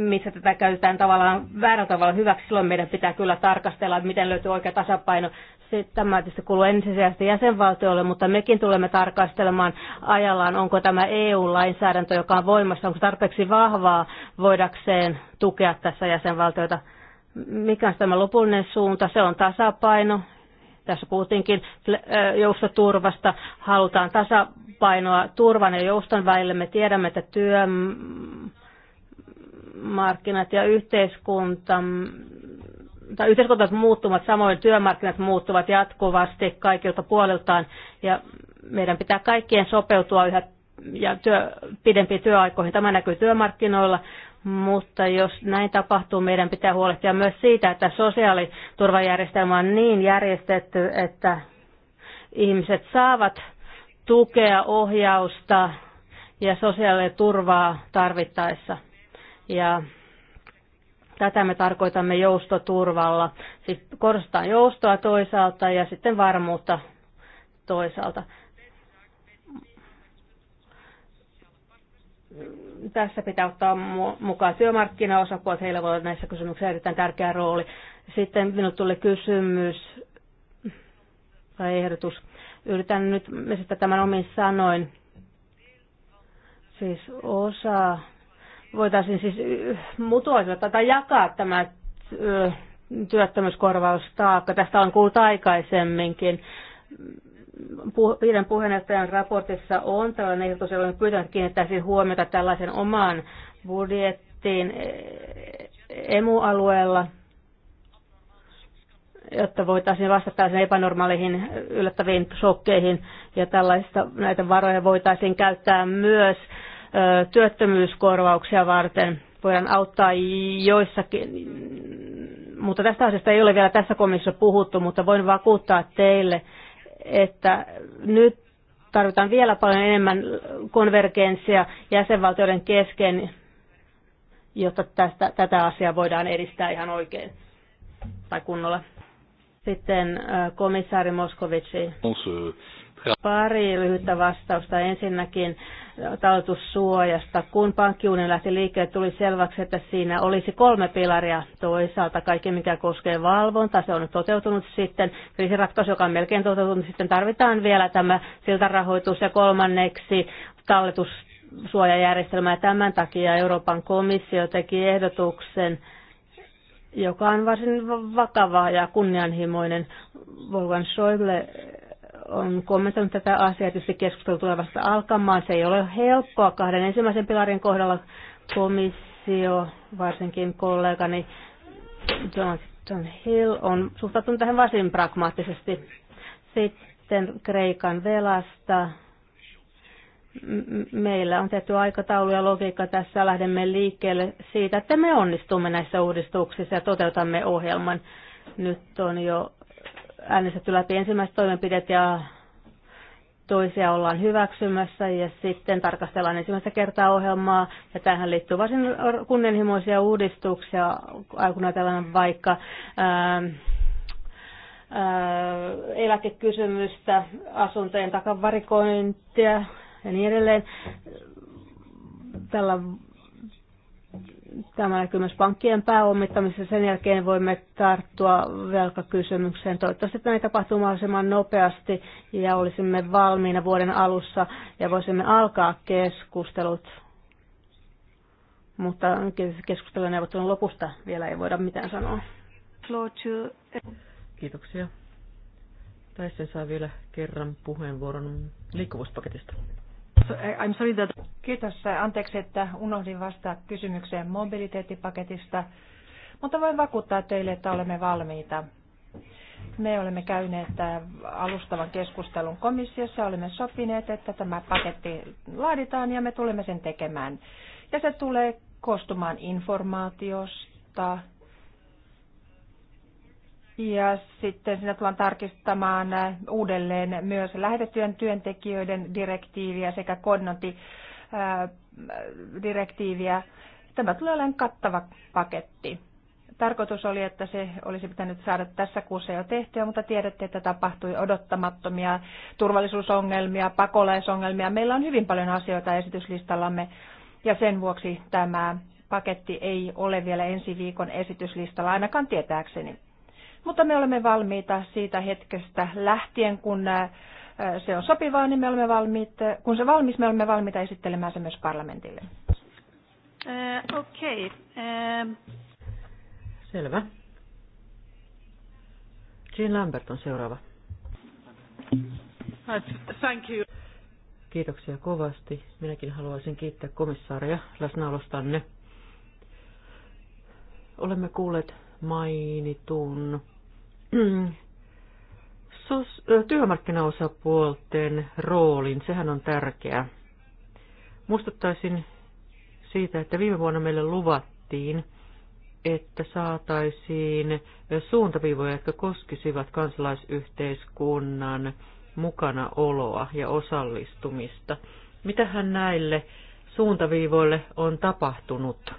missä tätä käytetään tavallaan väärällä tavalla hyväksi, silloin meidän pitää kyllä tarkastella, miten löytyy oikea tasapaino sitten tämä tietysti kuuluu ensisijaisesti jäsenvaltioille, mutta mekin tulemme tarkastelemaan ajallaan, onko tämä EU-lainsäädäntö, joka on voimassa, onko tarpeeksi vahvaa voidakseen tukea tässä jäsenvaltioita. Mikä on tämä lopullinen suunta? Se on tasapaino. Tässä puhuttiinkin äh, joustoturvasta. Halutaan tasapainoa turvan ja jouston välille. Me tiedämme, että työmarkkinat ja yhteiskunta tai yhteiskuntat muuttuvat, samoin työmarkkinat muuttuvat jatkuvasti kaikilta puoliltaan ja meidän pitää kaikkien sopeutua yhä ja työ, pidempiin työaikoihin. Tämä näkyy työmarkkinoilla, mutta jos näin tapahtuu, meidän pitää huolehtia myös siitä, että sosiaaliturvajärjestelmä on niin järjestetty, että ihmiset saavat tukea, ohjausta ja sosiaaliturvaa tarvittaessa. Ja Tätä me tarkoitamme joustoturvalla. Siis korostetaan joustoa toisaalta ja sitten varmuutta toisaalta. Tässä pitää ottaa mukaan työmarkkinaosapuolet, heillä voi olla näissä kysymyksissä erittäin tärkeä rooli. Sitten minulle tuli kysymys tai ehdotus. Yritän nyt esittää tämän omin sanoin. Siis osa voitaisiin siis mutuaisella tai jakaa tämä työttömyyskorvaustaakka. Tästä on kuullut aikaisemminkin. Viiden puheenjohtajan raportissa on tällainen ehdotus, jolla pyytänyt kiinnittäisiin huomiota tällaisen omaan budjettiin EM-alueella, jotta voitaisiin vastata sen epänormaaleihin yllättäviin shokkeihin ja tällaista näitä varoja voitaisiin käyttää myös työttömyyskorvauksia varten. Voidaan auttaa joissakin, mutta tästä asiasta ei ole vielä tässä komissiossa puhuttu, mutta voin vakuuttaa teille, että nyt tarvitaan vielä paljon enemmän konvergenssia jäsenvaltioiden kesken, jotta tästä, tätä asiaa voidaan edistää ihan oikein tai kunnolla. Sitten komissaari Moskovici. Bonsoir. Pari lyhyttä vastausta. Ensinnäkin talletussuojasta. Kun pankkiunioni lähti liikkeelle, tuli selväksi, että siinä olisi kolme pilaria. Toisaalta kaikki, mikä koskee valvontaa, se on nyt toteutunut sitten. Kriisiratkaisu, joka on melkein toteutunut, sitten tarvitaan vielä tämä siltarahoitus ja kolmanneksi talletussuojajärjestelmä. Ja tämän takia Euroopan komissio teki ehdotuksen joka on varsin vakava ja kunnianhimoinen. Wolfgang Schäuble on kommentoinut tätä asiaa, tietysti keskustelu vasta alkamaan. Se ei ole helppoa kahden ensimmäisen pilarin kohdalla komissio, varsinkin kollegani John Hill, on suhtautunut tähän varsin pragmaattisesti. Sitten Kreikan velasta. Meillä on tehty aikataulu ja logiikka tässä. Lähdemme liikkeelle siitä, että me onnistumme näissä uudistuksissa ja toteutamme ohjelman. Nyt on jo äänestetty läpi ensimmäiset toimenpiteet ja toisia ollaan hyväksymässä ja sitten tarkastellaan ensimmäistä kertaa ohjelmaa. Ja tähän liittyy varsin kunnianhimoisia uudistuksia, kun ajatellaan vaikka ää, ähm, ää, äh, eläkekysymystä, asuntojen takavarikointia ja niin edelleen. Tällä Tämä näkyy myös pankkien pääomittamisessa. Sen jälkeen voimme tarttua velkakysymykseen. Toivottavasti näin tapahtuu mahdollisimman nopeasti ja olisimme valmiina vuoden alussa ja voisimme alkaa keskustelut. Mutta keskustelun neuvottelun lopusta vielä ei voida mitään sanoa. Kiitoksia. Tässä saa vielä kerran puheenvuoron liikkuvuuspaketista. So, I'm sorry that... Kiitos. Anteeksi, että unohdin vastaa kysymykseen mobiliteettipaketista, mutta voin vakuuttaa teille, että olemme valmiita. Me olemme käyneet äh, alustavan keskustelun komissiossa, olemme sopineet, että tämä paketti laaditaan ja me tulemme sen tekemään. Ja se tulee koostumaan informaatiosta ja sitten sinä tullaan tarkistamaan äh, uudelleen myös lähetettyjen työntekijöiden direktiiviä sekä koordinointi direktiiviä. Tämä tulee olemaan kattava paketti. Tarkoitus oli, että se olisi pitänyt saada tässä kuussa jo tehtyä, mutta tiedätte, että tapahtui odottamattomia turvallisuusongelmia, pakolaisongelmia. Meillä on hyvin paljon asioita esityslistallamme ja sen vuoksi tämä paketti ei ole vielä ensi viikon esityslistalla, ainakaan tietääkseni. Mutta me olemme valmiita siitä hetkestä lähtien, kun se on sopivaa, niin me olemme valmiit, kun se valmis, me olemme valmiita esittelemään se myös parlamentille. Uh, Okei. Okay. Uh... Selvä. Jean Lambert on seuraava. Thank you. Kiitoksia kovasti. Minäkin haluaisin kiittää komissaaria läsnäolostanne. Olemme kuulleet mainitun työmarkkinaosapuolten roolin, sehän on tärkeä. Muistuttaisin siitä, että viime vuonna meille luvattiin, että saataisiin suuntaviivoja, jotka koskisivat kansalaisyhteiskunnan mukana oloa ja osallistumista. Mitähän näille suuntaviivoille on tapahtunut?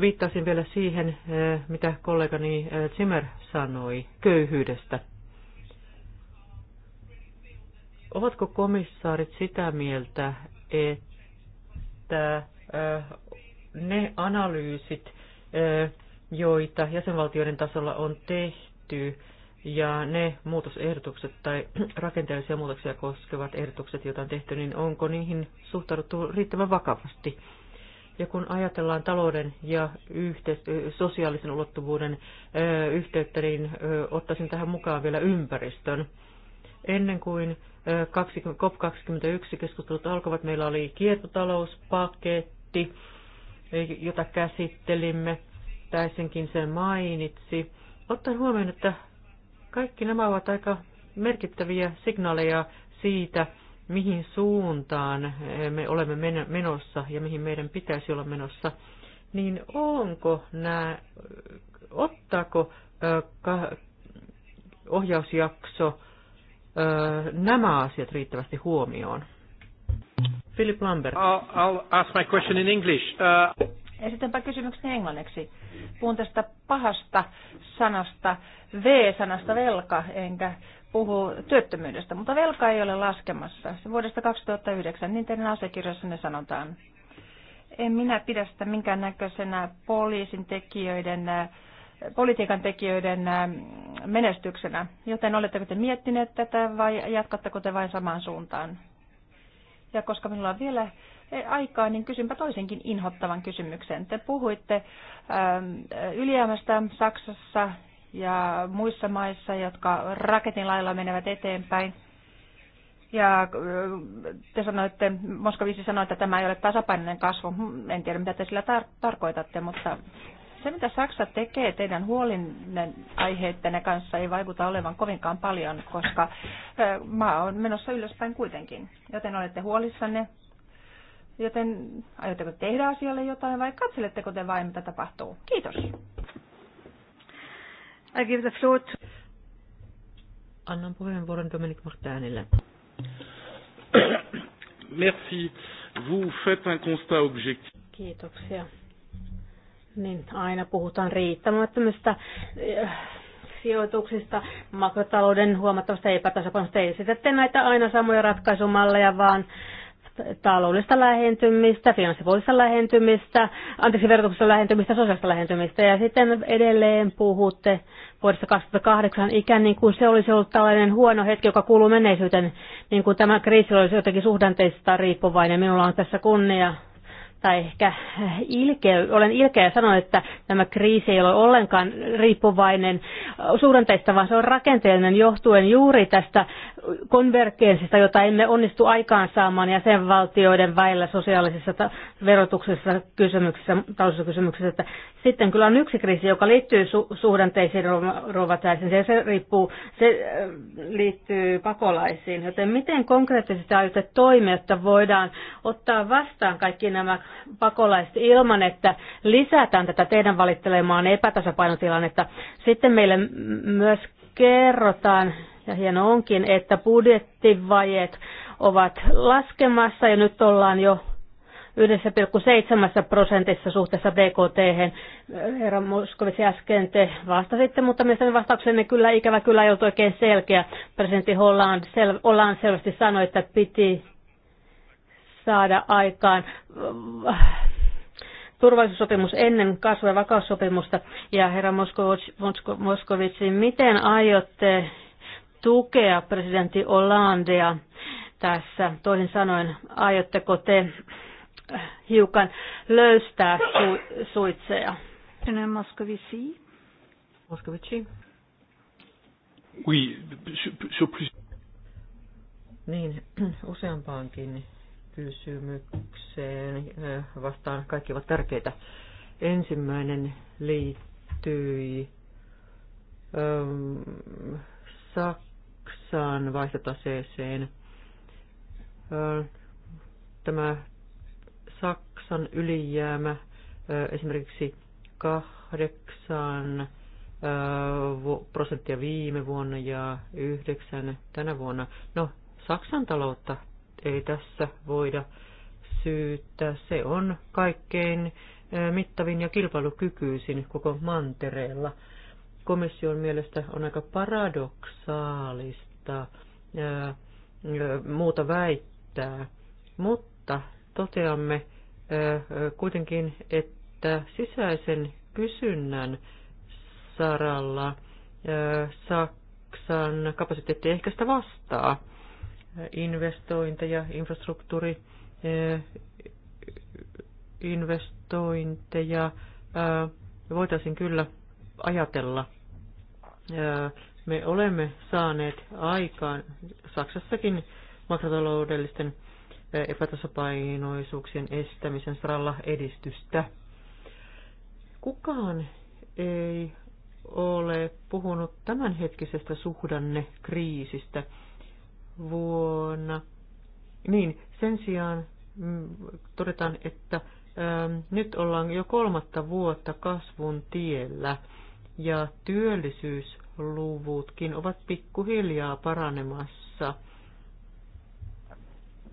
Viittasin vielä siihen, eh, mitä kollegani eh, Zimmer sanoi köyhyydestä. Ovatko komissaarit sitä mieltä, että eh, ne analyysit, joita jäsenvaltioiden tasolla on tehty, ja ne muutosehdotukset tai *clears throat* rakenteellisia muutoksia koskevat ehdotukset, joita on tehty, niin onko niihin suhtauduttu riittävän vakavasti? Ja kun ajatellaan talouden ja yhteis- sosiaalisen ulottuvuuden yhteyttä, niin ottaisin tähän mukaan vielä ympäristön. Ennen kuin COP21 keskustelut alkoivat, meillä oli kiertotalouspaketti, jota käsittelimme. Täisenkin sen mainitsi. Ottaen huomioon, että kaikki nämä ovat aika merkittäviä signaaleja siitä, mihin suuntaan me olemme menossa ja mihin meidän pitäisi olla menossa, niin onko nämä, ottaako ohjausjakso nämä asiat riittävästi huomioon? Philip Lambert. I'll, I'll ask my question in English. Uh... Esitänpä kysymyksen englanniksi. Puhun tästä pahasta sanasta, V-sanasta velka, enkä puhu työttömyydestä, mutta velka ei ole laskemassa. Se vuodesta 2009, niin teidän asiakirjoissanne sanotaan. En minä pidä sitä minkäännäköisenä poliisin tekijöiden, politiikan tekijöiden menestyksenä, joten oletteko te miettineet tätä vai jatkatteko te vain samaan suuntaan? Ja koska minulla on vielä aikaa, niin kysynpä toisenkin inhottavan kysymyksen. Te puhuitte ähm, ylijäämästä Saksassa ja muissa maissa, jotka raketin lailla menevät eteenpäin. Ja äh, te sanoitte, Moskovisi sanoi, että tämä ei ole tasapainoinen kasvu. En tiedä, mitä te sillä tar- tarkoitatte, mutta se, mitä Saksa tekee teidän huolinen aiheittenne kanssa, ei vaikuta olevan kovinkaan paljon, koska äh, maa on menossa ylöspäin kuitenkin. Joten olette huolissanne Joten aiotteko tehdä asialle jotain vai katseletteko te vain, mitä tapahtuu? Kiitos. I give the floor to... Annan puheenvuoron Dominic Martinille. *coughs* Merci. Vous faites un constat objectif. Kiitoksia. Niin, aina puhutaan riittämättömistä äh, sijoituksista, makrotalouden huomattavasta epätasapainosta. Ei esitette näitä aina samoja ratkaisumalleja, vaan taloudellista lähentymistä, finanssipuolista lähentymistä, anteeksi, verotuksesta lähentymistä, sosiaalista lähentymistä. Ja sitten edelleen puhutte vuodesta 2008 ikään niin kuin se olisi ollut tällainen huono hetki, joka kuuluu menneisyyteen, niin kuin tämä kriisi olisi jotenkin suhdanteista riippuvainen. Minulla on tässä kunnia tai ehkä ilkeä, olen ilkeä ja sanon, että tämä kriisi ei ole ollenkaan riippuvainen suhdanteista, vaan se on rakenteellinen johtuen juuri tästä konvergenssista, jota emme onnistu aikaansaamaan jäsenvaltioiden väillä sosiaalisessa verotuksessa kysymyksessä taloudellisissa kysymyksessä. Että sitten kyllä on yksi kriisi, joka liittyy su- suhdanteisiin ruovataisiin, se, se, riippuu, se äh, liittyy pakolaisiin. Joten miten konkreettisesti aiotte toimia, että voidaan ottaa vastaan kaikki nämä pakolaiset ilman, että lisätään tätä teidän valittelemaan epätasapainotilannetta. Sitten meille myös kerrotaan, ja hieno onkin, että budjettivajet ovat laskemassa ja nyt ollaan jo 1,7 prosentissa suhteessa BKT. Herra Moskovitsi, äsken te vastasitte, mutta mielestäni vastauksenne kyllä ikävä kyllä ei ollut oikein selkeä. Presidentti Holland, sel, Holland selvästi sanoi, että piti saada aikaan äh, turvallisuussopimus ennen kasvu- ja vakaussopimusta. Ja herra Moskovits, miten aiotte tukea presidentti Hollandea tässä? Toisin sanoen, aiotteko te äh, hiukan löystää su- suitseja? Moskovitsi. Moskovitsi. Oui, sur, sur plus... Niin, *clears throat* useampaankin kysymykseen vastaan. Kaikki ovat tärkeitä. Ensimmäinen liittyi Saksan vaihtotaseeseen. tämä Saksan ylijäämä esimerkiksi kahdeksan prosenttia viime vuonna ja yhdeksän tänä vuonna. No, Saksan taloutta ei tässä voida syyttää. Se on kaikkein mittavin ja kilpailukykyisin koko mantereella. Komission mielestä on aika paradoksaalista muuta väittää, mutta toteamme kuitenkin, että sisäisen kysynnän saralla Saksan kapasiteetti ehkä sitä vastaa investointeja, infrastruktuuri, eh, investointeja eh, voitaisiin kyllä ajatella. Eh, me olemme saaneet aikaan Saksassakin makrotaloudellisten epätasapainoisuuksien estämisen saralla edistystä. Kukaan ei ole puhunut tämänhetkisestä suhdannekriisistä kriisistä vuonna. Niin, sen sijaan mm, todetaan, että ähm, nyt ollaan jo kolmatta vuotta kasvun tiellä ja työllisyysluvutkin ovat pikkuhiljaa paranemassa.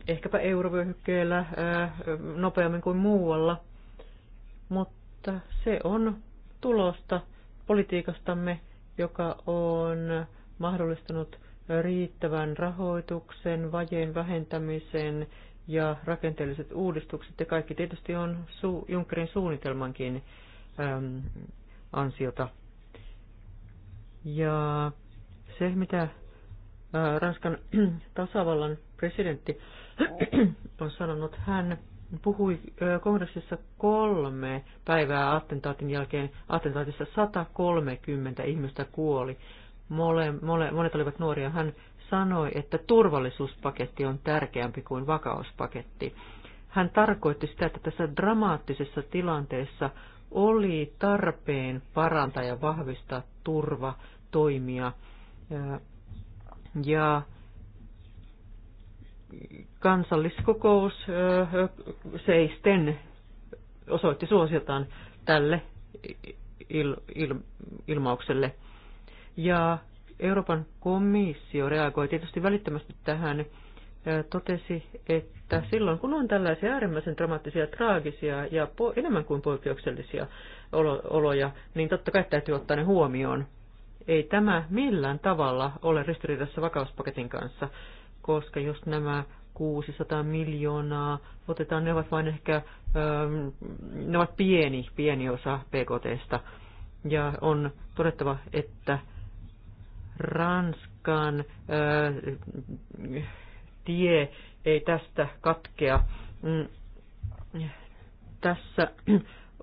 Ehkäpä eurovyöhykkeellä äh, nopeammin kuin muualla, mutta se on tulosta politiikastamme, joka on mahdollistanut riittävän rahoituksen, vajeen vähentämisen ja rakenteelliset uudistukset. Ja kaikki tietysti on su- Junckerin suunnitelmankin äm, ansiota. Ja se, mitä ää, Ranskan *clears throat* tasavallan presidentti *clears throat* on sanonut, hän puhui kongressissa kolme päivää attentaatin jälkeen. Attentaatissa 130 ihmistä kuoli mole, mole, monet olivat nuoria, hän sanoi, että turvallisuuspaketti on tärkeämpi kuin vakauspaketti. Hän tarkoitti sitä, että tässä dramaattisessa tilanteessa oli tarpeen parantaa ja vahvistaa turva toimia. Ja kansalliskokous seisten osoitti suosiotaan tälle il, il, ilmaukselle. Ja Euroopan komissio reagoi tietysti välittömästi tähän, totesi, että silloin kun on tällaisia äärimmäisen dramaattisia, traagisia ja enemmän kuin poikkeuksellisia oloja, niin totta kai täytyy ottaa ne huomioon. Ei tämä millään tavalla ole ristiriidassa vakauspaketin kanssa, koska jos nämä 600 miljoonaa otetaan, ne ovat vain ehkä, ne ovat pieni, pieni osa PKTstä. Ja on todettava, että Ranskan ö, tie ei tästä katkea. Mm. Tässä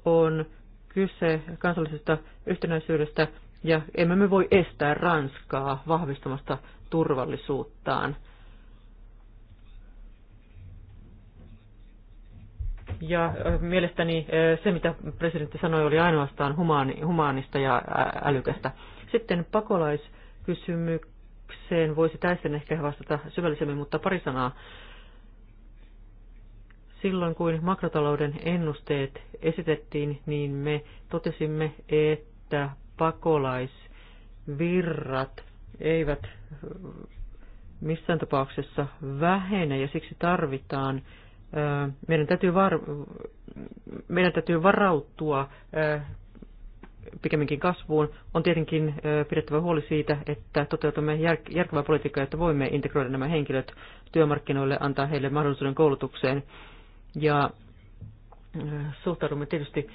on kyse kansallisesta yhtenäisyydestä ja emme me voi estää Ranskaa vahvistamasta turvallisuuttaan. Ja mielestäni se, mitä presidentti sanoi, oli ainoastaan humaanista ja älykästä. Sitten pakolais- kysymykseen voisi täysin ehkä vastata syvällisemmin, mutta pari sanaa. Silloin kun makrotalouden ennusteet esitettiin, niin me totesimme, että pakolaisvirrat eivät missään tapauksessa vähene ja siksi tarvitaan, meidän täytyy, var, meidän täytyy varautua pikemminkin kasvuun, on tietenkin pidettävä huoli siitä, että toteutamme järkevää politiikkaa, että voimme integroida nämä henkilöt työmarkkinoille, antaa heille mahdollisuuden koulutukseen. Ja suhtaudumme tietysti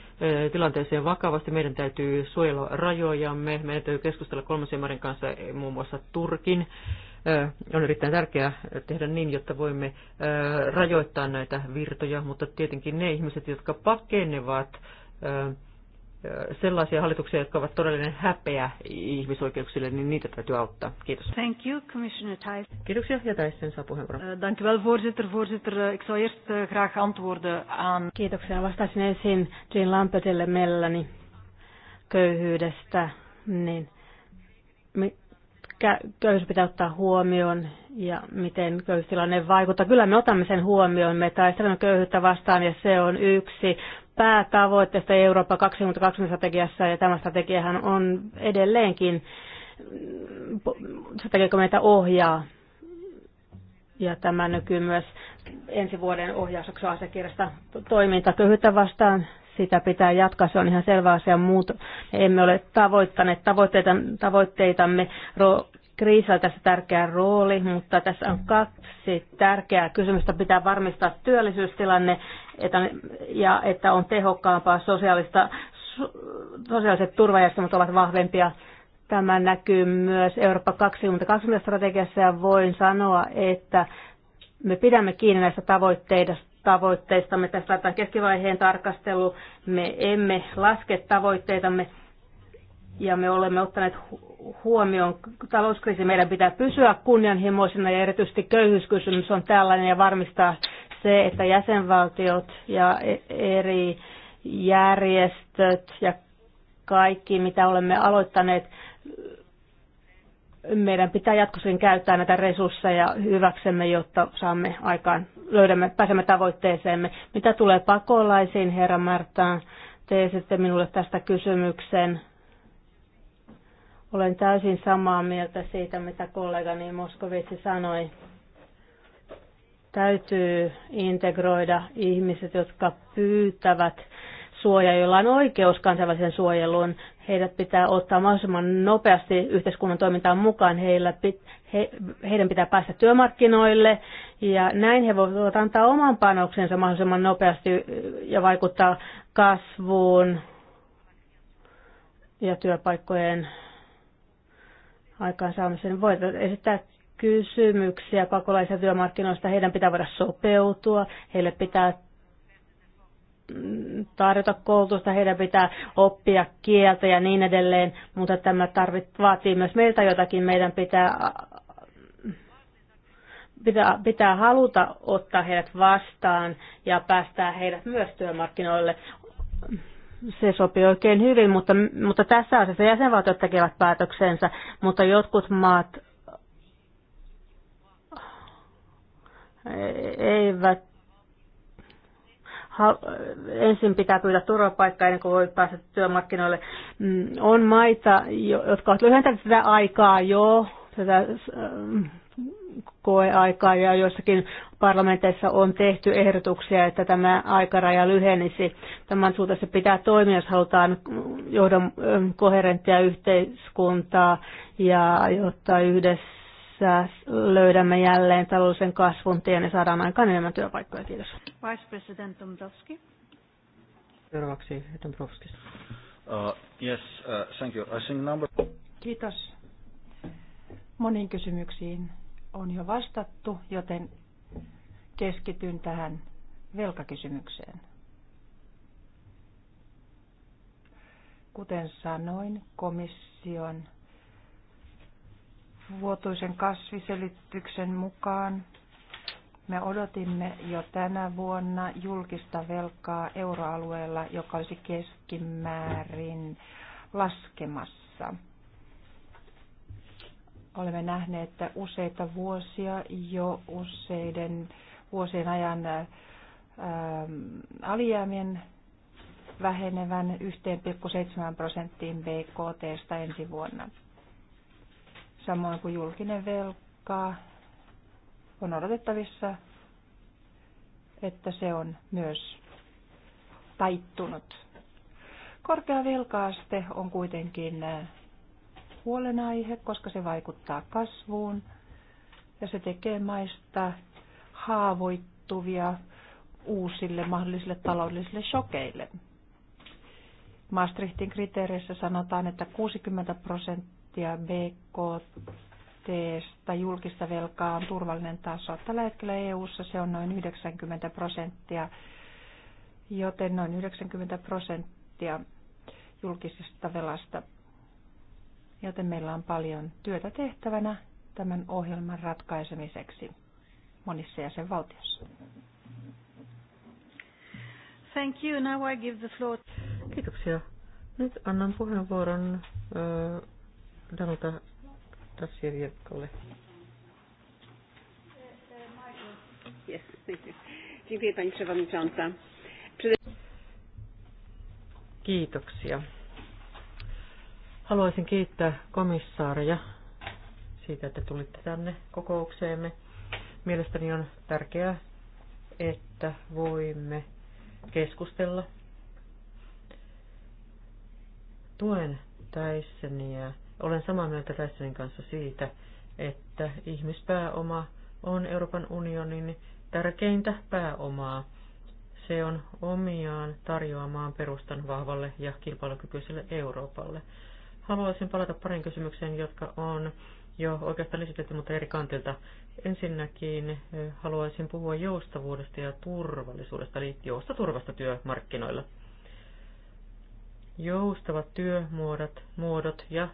tilanteeseen vakavasti. Meidän täytyy suojella rajojamme, meidän täytyy keskustella kolmansien maiden kanssa, e, muun muassa Turkin. On erittäin tärkeää tehdä niin, jotta voimme rajoittaa näitä virtoja, mutta tietenkin ne ihmiset, jotka pakenevat sellaisia hallituksia, jotka ovat todellinen häpeä ihmisoikeuksille, niin niitä täytyy auttaa. Kiitos. Thank you, Commissioner Thijs. Kiitoksia, ja Thijssen saa puheenvuoron. Uh, dank wel, voorzitter. Voorzitter, eh, ik zou eerst eh, graag antwoorden aan... Kiitoksia. Vastaisin ensin Jean Lampetille mielelläni köyhyydestä. Niin, köyhyys pitää ottaa huomioon ja miten köyhyystilanne vaikuttaa. Kyllä me otamme sen huomioon, me taistelemme köyhyyttä vastaan ja se on yksi päätavoitteesta Eurooppa 2020 strategiassa ja tämä strategiahan on edelleenkin strategia, meitä ohjaa. Ja tämä näkyy myös ensi vuoden ohjausjakson asiakirjasta toimintaköyhyyttä vastaan. Sitä pitää jatkaa, se on ihan selvä asia. Muut emme ole tavoittaneet tavoitteita, tavoitteitamme. Ro- Kriisillä tässä tärkeä rooli, mutta tässä on kaksi tärkeää kysymystä. Pitää varmistaa työllisyystilanne ja että on tehokkaampaa sosiaalista, sosiaaliset turvajärjestelmät ovat vahvempia. Tämä näkyy myös Eurooppa 2020 strategiassa ja voin sanoa, että me pidämme kiinni näistä tavoitteista tavoitteistamme. Tässä laitetaan keskivaiheen tarkastelu. Me emme laske tavoitteitamme ja me olemme ottaneet huomioon talouskriisi. Meidän pitää pysyä kunnianhimoisena ja erityisesti köyhyyskysymys on tällainen ja varmistaa se, että jäsenvaltiot ja e-, eri järjestöt ja kaikki, mitä olemme aloittaneet, meidän pitää jatkossakin käyttää näitä resursseja hyväksemme, jotta saamme aikaan, löydämme, pääsemme tavoitteeseemme. Mitä tulee pakolaisiin, herra Märtään, te minulle tästä kysymyksen olen täysin samaa mieltä siitä, mitä kollegani Moskovitsi sanoi. Täytyy integroida ihmiset, jotka pyytävät suojaa, joilla on oikeus kansainväliseen suojeluun. Heidät pitää ottaa mahdollisimman nopeasti yhteiskunnan toimintaan mukaan. Heillä pit, he, heidän pitää päästä työmarkkinoille ja näin he voivat antaa oman panoksensa mahdollisimman nopeasti ja vaikuttaa kasvuun ja työpaikkojen aikaansaamisen. Niin voit esittää kysymyksiä pakolaisia työmarkkinoista. Heidän pitää voida sopeutua, heille pitää mm, tarjota koulutusta, heidän pitää oppia kieltä ja niin edelleen, mutta tämä tarvit, vaatii myös meiltä jotakin. Meidän pitää, pitää, pitää haluta ottaa heidät vastaan ja päästää heidät myös työmarkkinoille se sopii oikein hyvin, mutta, mutta tässä asiassa jäsenvaltiot tekevät päätöksensä, mutta jotkut maat eivät ensin pitää pyytää turvapaikkaa ennen kuin voi päästä työmarkkinoille. Mm, on maita, jotka ovat lyhentäneet sitä aikaa jo, tätä koeaikaa ja joissakin parlamenteissa on tehty ehdotuksia, että tämä aikaraja lyhenisi. Tämän suuntaisesti pitää toimia, jos halutaan johdon koherenttia yhteiskuntaa ja jotta yhdessä löydämme jälleen taloudellisen kasvun tien ja saadaan aikaan enemmän työpaikkoja. Kiitos. Vice President Tomtowski. Seuraavaksi Tomtowski. Uh, yes, uh, thank you. I think number... Kiitos. Moniin kysymyksiin on jo vastattu, joten keskityn tähän velkakysymykseen. Kuten sanoin, komission vuotuisen kasviselityksen mukaan me odotimme jo tänä vuonna julkista velkaa euroalueella, joka olisi keskimäärin laskemassa – Olemme nähneet että useita vuosia jo useiden vuosien ajan ää, ähm, alijäämien vähenevän 1,7 prosenttiin BKTstä ensi vuonna. Samoin kuin julkinen velka on odotettavissa, että se on myös taittunut. Korkea velkaaste on kuitenkin äh, huolenaihe, koska se vaikuttaa kasvuun ja se tekee maista haavoittuvia uusille mahdollisille taloudellisille shokeille. Maastrichtin kriteereissä sanotaan, että 60 prosenttia BKT julkista velkaa on turvallinen taso. Tällä hetkellä EU:ssa se on noin 90 prosenttia, joten noin 90 prosenttia julkisesta velasta joten meillä on paljon työtä tehtävänä tämän ohjelman ratkaisemiseksi monissa jäsenvaltioissa. Thank you. Now I give the floor. Kiitoksia. Nyt annan puheenvuoron uh, Danuta Tassirjevkalle. Yes, *laughs* Kiitoksia. Haluaisin kiittää komissaaria siitä, että tulitte tänne kokoukseemme. Mielestäni on tärkeää, että voimme keskustella. Tuen Tyssonia. Olen samaa mieltä Tysonin kanssa siitä, että ihmispääoma on Euroopan unionin tärkeintä pääomaa. Se on omiaan tarjoamaan perustan vahvalle ja kilpailukykyiselle Euroopalle. Haluaisin palata parin kysymykseen, jotka on jo oikeastaan esitetty, mutta eri kantilta. Ensinnäkin eh, haluaisin puhua joustavuudesta ja turvallisuudesta, eli joustoturvasta työmarkkinoilla. Joustavat työmuodot muodot ja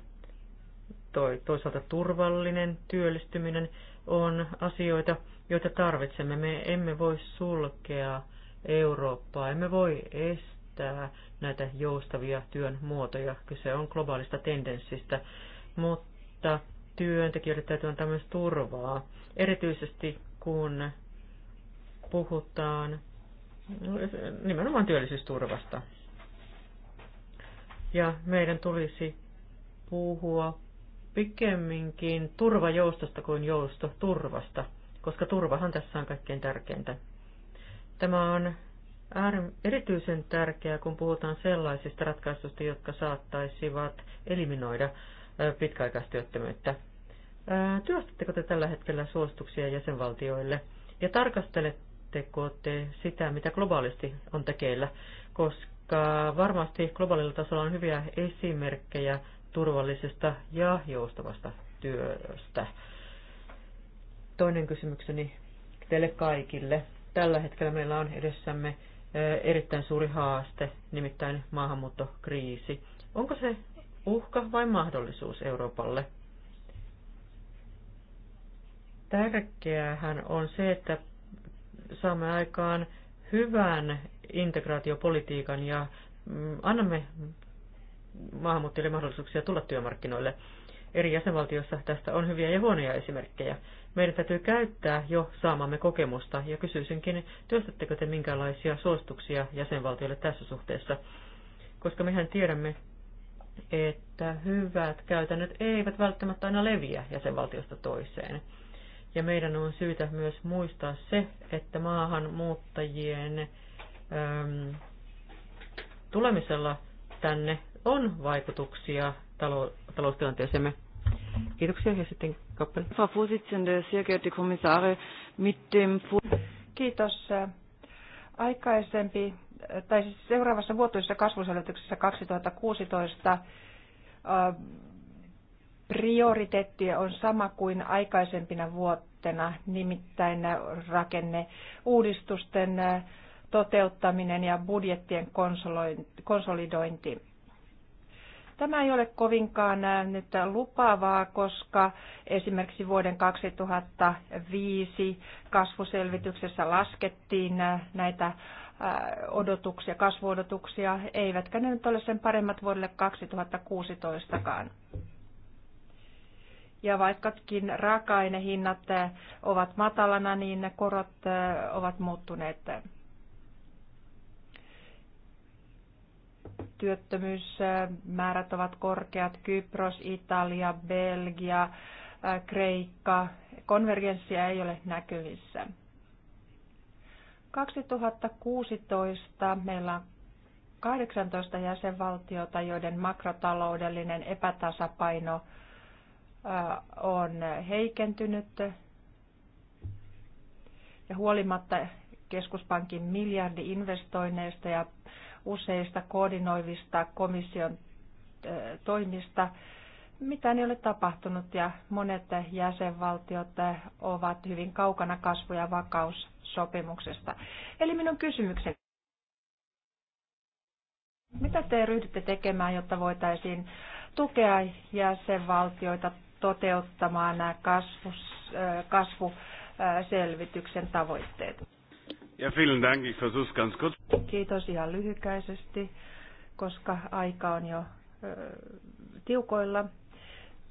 toisaalta turvallinen työllistyminen on asioita, joita tarvitsemme. Me emme voi sulkea Eurooppaa, emme voi estää kehittää näitä joustavia työn muotoja. Kyse on globaalista tendenssistä, mutta työntekijöille täytyy antaa myös turvaa, erityisesti kun puhutaan nimenomaan työllisyysturvasta. Ja meidän tulisi puhua pikemminkin turvajoustosta kuin joustoturvasta, koska turvahan tässä on kaikkein tärkeintä. Tämä on erityisen tärkeää, kun puhutaan sellaisista ratkaisuista, jotka saattaisivat eliminoida pitkäaikaistyöttömyyttä. Työstättekö te tällä hetkellä suosituksia jäsenvaltioille ja tarkasteletteko te sitä, mitä globaalisti on tekeillä, koska varmasti globaalilla tasolla on hyviä esimerkkejä turvallisesta ja joustavasta työstä. Toinen kysymykseni teille kaikille. Tällä hetkellä meillä on edessämme erittäin suuri haaste, nimittäin maahanmuuttokriisi. Onko se uhka vai mahdollisuus Euroopalle? Tärkeäähän on se, että saamme aikaan hyvän integraatiopolitiikan ja mm, annamme maahanmuuttajille mahdollisuuksia tulla työmarkkinoille. Eri jäsenvaltioissa tästä on hyviä ja huonoja esimerkkejä. Meidän täytyy käyttää jo saamamme kokemusta, ja kysyisinkin, työstättekö te minkälaisia suosituksia jäsenvaltioille tässä suhteessa? Koska mehän tiedämme, että hyvät käytännöt eivät välttämättä aina leviä jäsenvaltiosta toiseen. Ja meidän on syytä myös muistaa se, että maahanmuuttajien äm, tulemisella tänne on vaikutuksia taloustilanteeseemme. Kiitoksia ja sitten Frau Vorsitzende, sehr geehrte Kommissare, mit dem... Kiitos. Aikaisempi, tai siis seuraavassa vuotuisessa kasvuselityksessä 2016 äh, prioriteetti on sama kuin aikaisempina vuotena, nimittäin rakenne uudistusten äh, toteuttaminen ja budjettien konsolidointi. Tämä ei ole kovinkaan nyt lupaavaa, koska esimerkiksi vuoden 2005 kasvuselvityksessä laskettiin näitä odotuksia, kasvuodotuksia, eivätkä ne nyt ole sen paremmat vuodelle 2016kaan. Ja vaikkakin raaka-ainehinnat ovat matalana, niin ne korot ovat muuttuneet työttömyysmäärät äh, ovat korkeat, Kypros, Italia, Belgia, äh, Kreikka, konvergenssia ei ole näkyvissä. 2016 meillä on 18 jäsenvaltiota, joiden makrotaloudellinen epätasapaino äh, on heikentynyt. Ja huolimatta keskuspankin miljardi investoinneista ja useista koordinoivista komission toimista, mitä ei ole tapahtunut ja monet jäsenvaltiot ovat hyvin kaukana kasvu- ja vakaussopimuksesta. Eli minun kysymykseni. Mitä te ryhdytte tekemään, jotta voitaisiin tukea jäsenvaltioita toteuttamaan nämä kasvus, kasvuselvityksen tavoitteet? Ja vielen Dank, ich versuch's ganz kurz. Kiitos ihan lyhykäisesti, koska aika on jo ö, tiukoilla.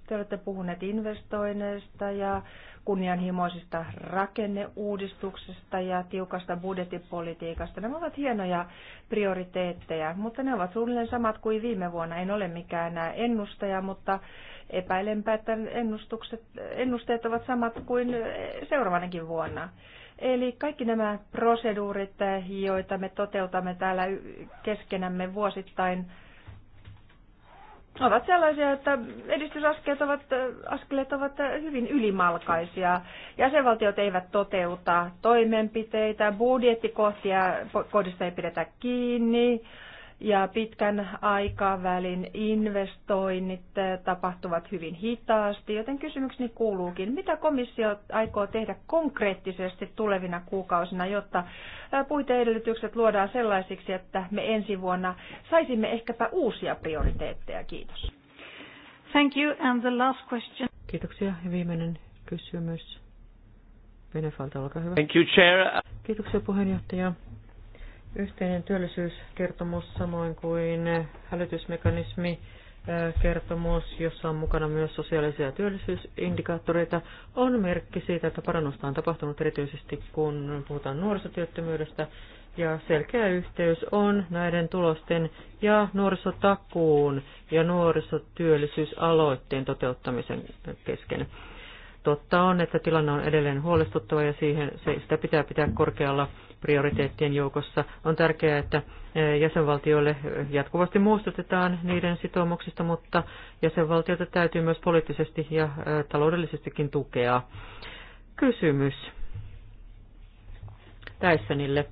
Te olette puhuneet investoinneista ja kunnianhimoisista rakenneuudistuksista ja tiukasta budjettipolitiikasta. Nämä ovat hienoja prioriteetteja, mutta ne ovat suunnilleen samat kuin viime vuonna. En ole mikään enää ennustaja, mutta epäilenpä, että ennustukset, ennusteet ovat samat kuin seuraavanakin vuonna. Eli kaikki nämä proseduurit, joita me toteutamme täällä keskenämme vuosittain, ovat sellaisia, että edistysaskeleet ovat, askeleet ovat hyvin ylimalkaisia. Jäsenvaltiot eivät toteuta toimenpiteitä, budjettikohtia kohdista ei pidetä kiinni, ja pitkän aikavälin investoinnit eh, tapahtuvat hyvin hitaasti, joten kysymykseni kuuluukin, mitä komissio aikoo tehdä konkreettisesti tulevina kuukausina, jotta eh, puiteedellytykset luodaan sellaisiksi, että me ensi vuonna saisimme ehkäpä uusia prioriteetteja. Kiitos. Thank you. And the last question. Kiitoksia. Ja viimeinen kysymys. Venefalta, olkaa hyvä. Thank you, Chair. Kiitoksia puheenjohtaja. Yhteinen työllisyyskertomus samoin kuin hälytysmekanismi kertomus, jossa on mukana myös sosiaalisia työllisyysindikaattoreita, on merkki siitä, että parannusta on tapahtunut erityisesti, kun puhutaan nuorisotyöttömyydestä. Ja selkeä yhteys on näiden tulosten ja nuorisotakuun ja nuorisotyöllisyysaloitteen toteuttamisen kesken. Totta on, että tilanne on edelleen huolestuttava ja siihen, se, sitä pitää pitää korkealla prioriteettien joukossa. On tärkeää, että eh, jäsenvaltioille jatkuvasti muistutetaan niiden sitoumuksista, mutta jäsenvaltioita täytyy myös poliittisesti ja eh, taloudellisestikin tukea. Kysymys Täissänille.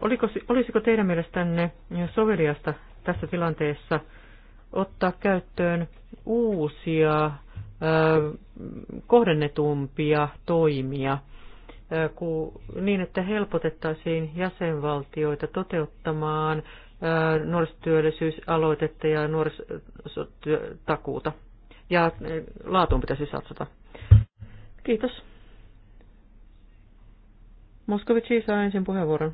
Oliko, olisiko teidän mielestänne soveliasta tässä tilanteessa ottaa käyttöön uusia eh, kohdennetumpia toimia – niin, että helpotettaisiin jäsenvaltioita toteuttamaan nuorisotyöllisyysaloitetta ja nuorisotakuuta. Ja laatuun pitäisi satsata. Kiitos. Moskovici saa ensin puheenvuoron.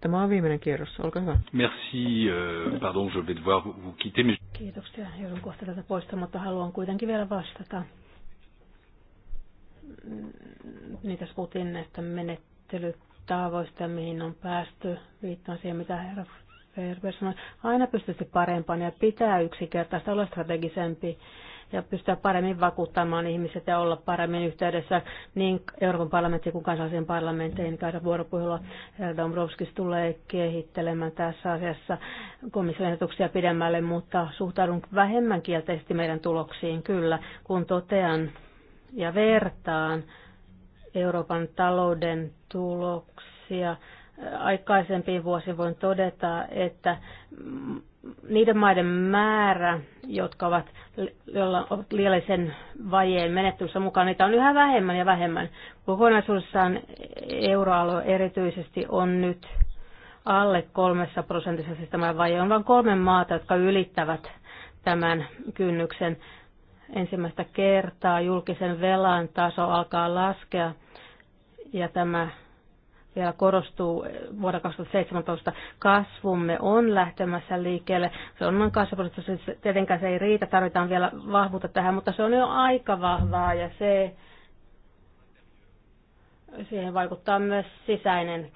Tämä on viimeinen kierros, olkaa hyvä. Merci, euh, pardon, je vais devoir vous quitter, Kiitoksia, joudun kohta tätä poistamaan, mutta haluan kuitenkin vielä vastata Mm, niitä skutin, näistä menettelytavoista ja mihin on päästy. Viittaan siihen, mitä herra Ferber sanoi. Aina pystyisi parempaan ja pitää yksinkertaista olla strategisempi ja pystyä paremmin vakuuttamaan ihmiset ja olla paremmin yhteydessä niin Euroopan parlamenttiin kuin kansallisiin parlamentteihin käydä vuoropuhelua. Herra Dombrovskis tulee kehittelemään tässä asiassa komission ehdotuksia pidemmälle, mutta suhtaudun vähemmän kielteisesti meidän tuloksiin kyllä, kun totean, ja vertaan Euroopan talouden tuloksia aikaisempiin vuosiin, voin todeta, että niiden maiden määrä, jotka ovat, joilla ovat liiallisen vajeen menettelyssä mukaan, niitä on yhä vähemmän ja vähemmän. Kokonaisuudessaan euroalue erityisesti on nyt alle kolmessa prosentissa, siis tämä vaje on vain kolme maata, jotka ylittävät tämän kynnyksen ensimmäistä kertaa julkisen velan taso alkaa laskea ja tämä vielä korostuu vuonna 2017. Kasvumme on lähtemässä liikkeelle. Se on noin kasvuprosentissa, tietenkään se ei riitä, tarvitaan vielä vahvuutta tähän, mutta se on jo aika vahvaa ja se siihen vaikuttaa myös sisäinen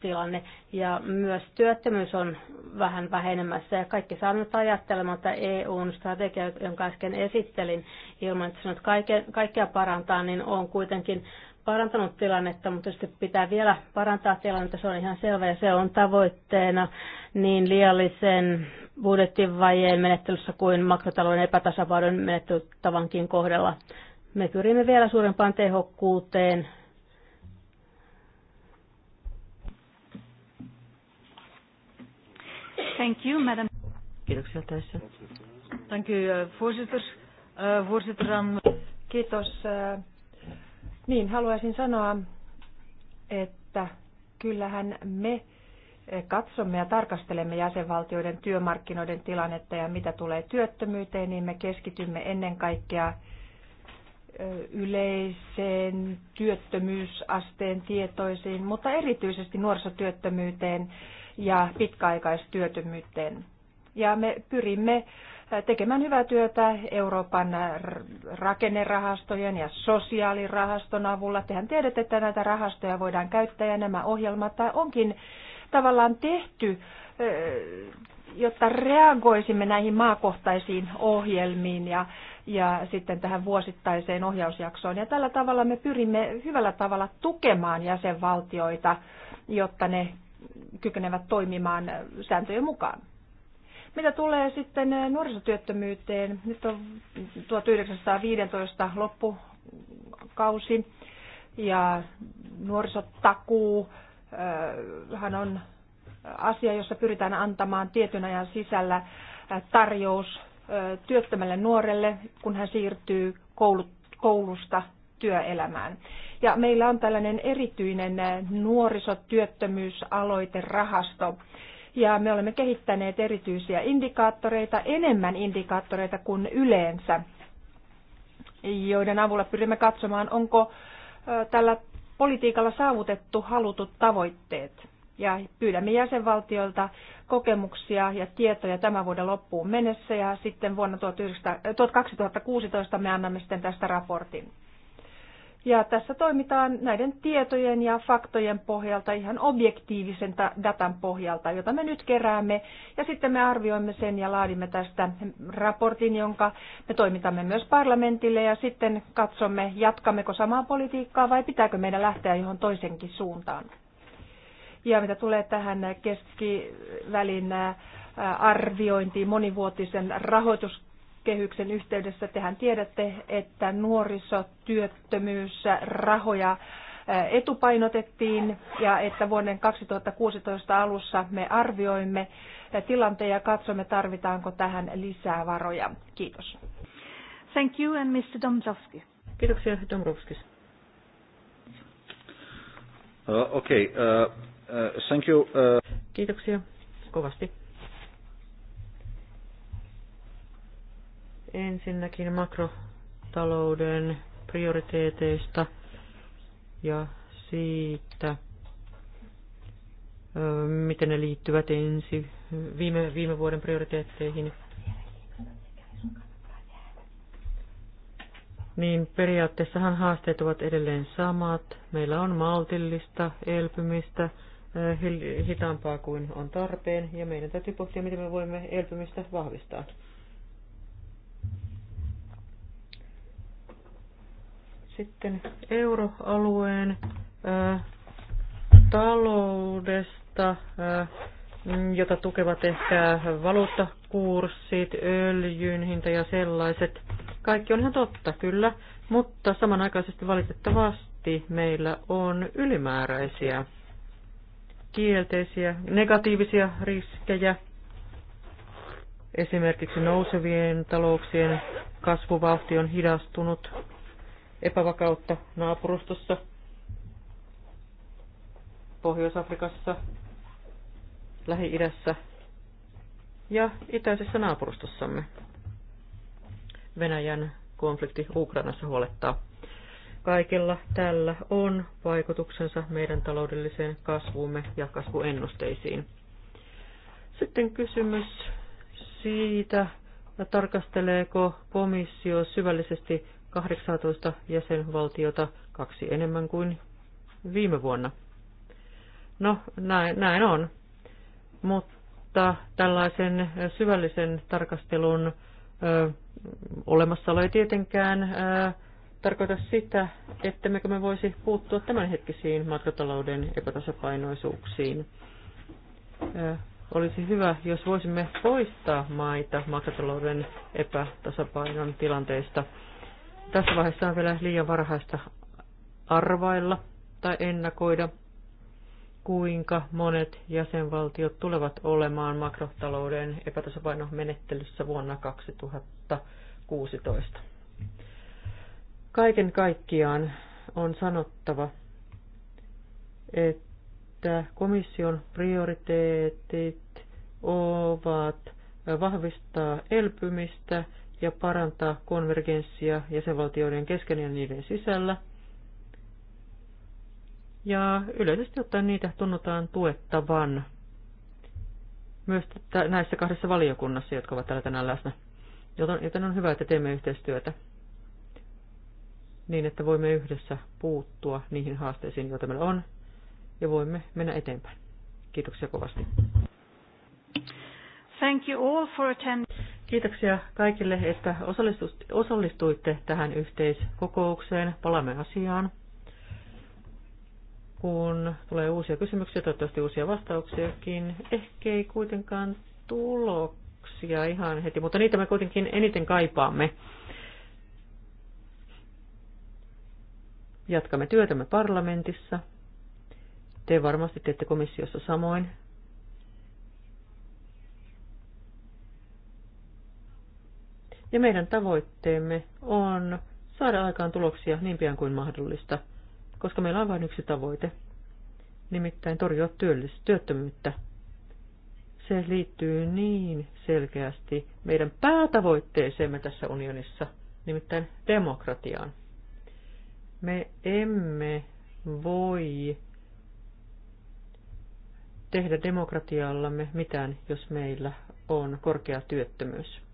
tilanne ja myös työttömyys on vähän vähenemässä ja kaikki saanut ajattelemaan, että EUn strategia, jonka äsken esittelin, ilman että sanot kaiken, kaikkea parantaa, niin on kuitenkin parantanut tilannetta, mutta tietysti pitää vielä parantaa tilannetta, se on ihan selvä ja se on tavoitteena niin liiallisen budjettivajeen menettelyssä kuin makrotalouden epätasapainon menettelytavankin kohdalla. Me pyrimme vielä suurempaan tehokkuuteen Thank you, madam. Kiitoksia tässä. Thank you, uh, voorzitter. Uh, voorzitter, um... Kiitos. Uh, niin, haluaisin sanoa, että kyllähän me eh, katsomme ja tarkastelemme jäsenvaltioiden työmarkkinoiden tilannetta ja mitä tulee työttömyyteen, niin me keskitymme ennen kaikkea eh, yleiseen työttömyysasteen tietoisiin, mutta erityisesti nuorisotyöttömyyteen ja pitkäaikaistyötymyyteen. Ja me pyrimme äh, tekemään hyvää työtä Euroopan rakennerahastojen ja sosiaalirahaston avulla. Tehän tiedätte, että näitä rahastoja voidaan käyttää ja nämä ohjelmat onkin tavallaan tehty, äh, jotta reagoisimme näihin maakohtaisiin ohjelmiin ja, ja sitten tähän vuosittaiseen ohjausjaksoon. Ja tällä tavalla me pyrimme hyvällä tavalla tukemaan jäsenvaltioita, jotta ne kykenevät toimimaan sääntöjen mukaan. Mitä tulee sitten nuorisotyöttömyyteen, nyt on 1915 loppukausi ja nuorisotakuu hän on asia, jossa pyritään antamaan tietyn ajan sisällä tarjous työttömälle nuorelle, kun hän siirtyy koulusta työelämään. Ja meillä on tällainen erityinen nuorisotyöttömyysaloiterahasto. Ja me olemme kehittäneet erityisiä indikaattoreita, enemmän indikaattoreita kuin yleensä, joiden avulla pyrimme katsomaan, onko tällä politiikalla saavutettu halutut tavoitteet. Ja pyydämme jäsenvaltioilta kokemuksia ja tietoja tämän vuoden loppuun mennessä ja sitten vuonna 2016 me annamme sitten tästä raportin. Ja tässä toimitaan näiden tietojen ja faktojen pohjalta, ihan objektiivisen datan pohjalta, jota me nyt keräämme. Ja sitten me arvioimme sen ja laadimme tästä raportin, jonka me toimitamme myös parlamentille. Ja sitten katsomme, jatkammeko samaa politiikkaa vai pitääkö meidän lähteä johon toisenkin suuntaan. Ja mitä tulee tähän keskivälin arviointiin monivuotisen rahoitus kehyksen yhteydessä. Tehän tiedätte, että nuorisotyöttömyysrahoja eh, etupainotettiin ja että vuoden 2016 alussa me arvioimme eh, tilanteen ja katsomme, tarvitaanko tähän lisää varoja. Kiitos. Thank you and Mr. Domzowski. Kiitoksia, Domrovskis. Uh, okay, uh, uh, thank you. Uh... Kiitoksia kovasti Ensinnäkin makrotalouden prioriteeteista ja siitä, miten ne liittyvät ensi viime, viime vuoden prioriteetteihin. Niin periaatteessahan haasteet ovat edelleen samat. Meillä on maltillista elpymistä, hitaampaa kuin on tarpeen, ja meidän täytyy pohtia, miten me voimme elpymistä vahvistaa. Sitten euroalueen taloudesta, jota tukevat ehkä valuuttakurssit, öljyn hinta ja sellaiset. Kaikki on ihan totta, kyllä, mutta samanaikaisesti valitettavasti meillä on ylimääräisiä kielteisiä, negatiivisia riskejä, esimerkiksi nousevien talouksien kasvuvauhti on hidastunut, epävakautta naapurustossa, Pohjois-Afrikassa, Lähi-idässä ja itäisessä naapurustossamme. Venäjän konflikti Ukrainassa huolettaa. Kaikella tällä on vaikutuksensa meidän taloudelliseen kasvuumme ja kasvuennusteisiin. Sitten kysymys siitä, tarkasteleeko komissio syvällisesti 18 jäsenvaltiota, kaksi enemmän kuin viime vuonna. No, näin, näin on. Mutta tällaisen syvällisen tarkastelun ö, olemassaolo ei tietenkään ö, tarkoita sitä, että mekö me voisi puuttua tämänhetkisiin makrotalouden epätasapainoisuuksiin. Ö, olisi hyvä, jos voisimme poistaa maita makrotalouden epätasapainon tilanteesta. Tässä vaiheessa on vielä liian varhaista arvailla tai ennakoida, kuinka monet jäsenvaltiot tulevat olemaan makrotalouden epätasapainomenettelyssä vuonna 2016. Kaiken kaikkiaan on sanottava, että komission prioriteetit ovat vahvistaa elpymistä, ja parantaa konvergenssia jäsenvaltioiden kesken ja niiden sisällä. Ja yleisesti ottaen niitä tunnutaan tuettavan myös näissä kahdessa valiokunnassa, jotka ovat täällä tänään läsnä. Joten on hyvä, että teemme yhteistyötä niin, että voimme yhdessä puuttua niihin haasteisiin, joita meillä on, ja voimme mennä eteenpäin. Kiitoksia kovasti. Thank you all for attending. Kiitoksia kaikille, että osallistuitte tähän yhteiskokoukseen. Palaamme asiaan. Kun tulee uusia kysymyksiä, toivottavasti uusia vastauksiakin. Ehkä ei kuitenkaan tuloksia ihan heti, mutta niitä me kuitenkin eniten kaipaamme. Jatkamme työtämme parlamentissa. Te varmasti teette komissiossa samoin. Ja meidän tavoitteemme on saada aikaan tuloksia niin pian kuin mahdollista, koska meillä on vain yksi tavoite, nimittäin torjua työllis- työttömyyttä. Se liittyy niin selkeästi meidän päätavoitteeseemme tässä unionissa, nimittäin demokratiaan. Me emme voi tehdä demokratiallamme mitään, jos meillä on korkea työttömyys.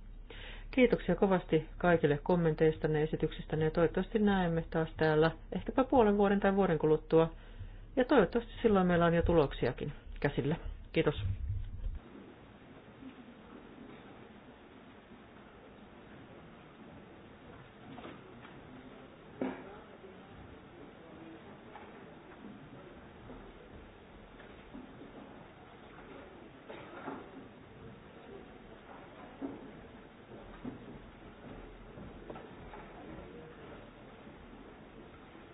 Kiitoksia kovasti kaikille kommenteistanne, esityksistänne ja toivottavasti näemme taas täällä ehkäpä puolen vuoden tai vuoden kuluttua. Ja toivottavasti silloin meillä on jo tuloksiakin käsillä. Kiitos.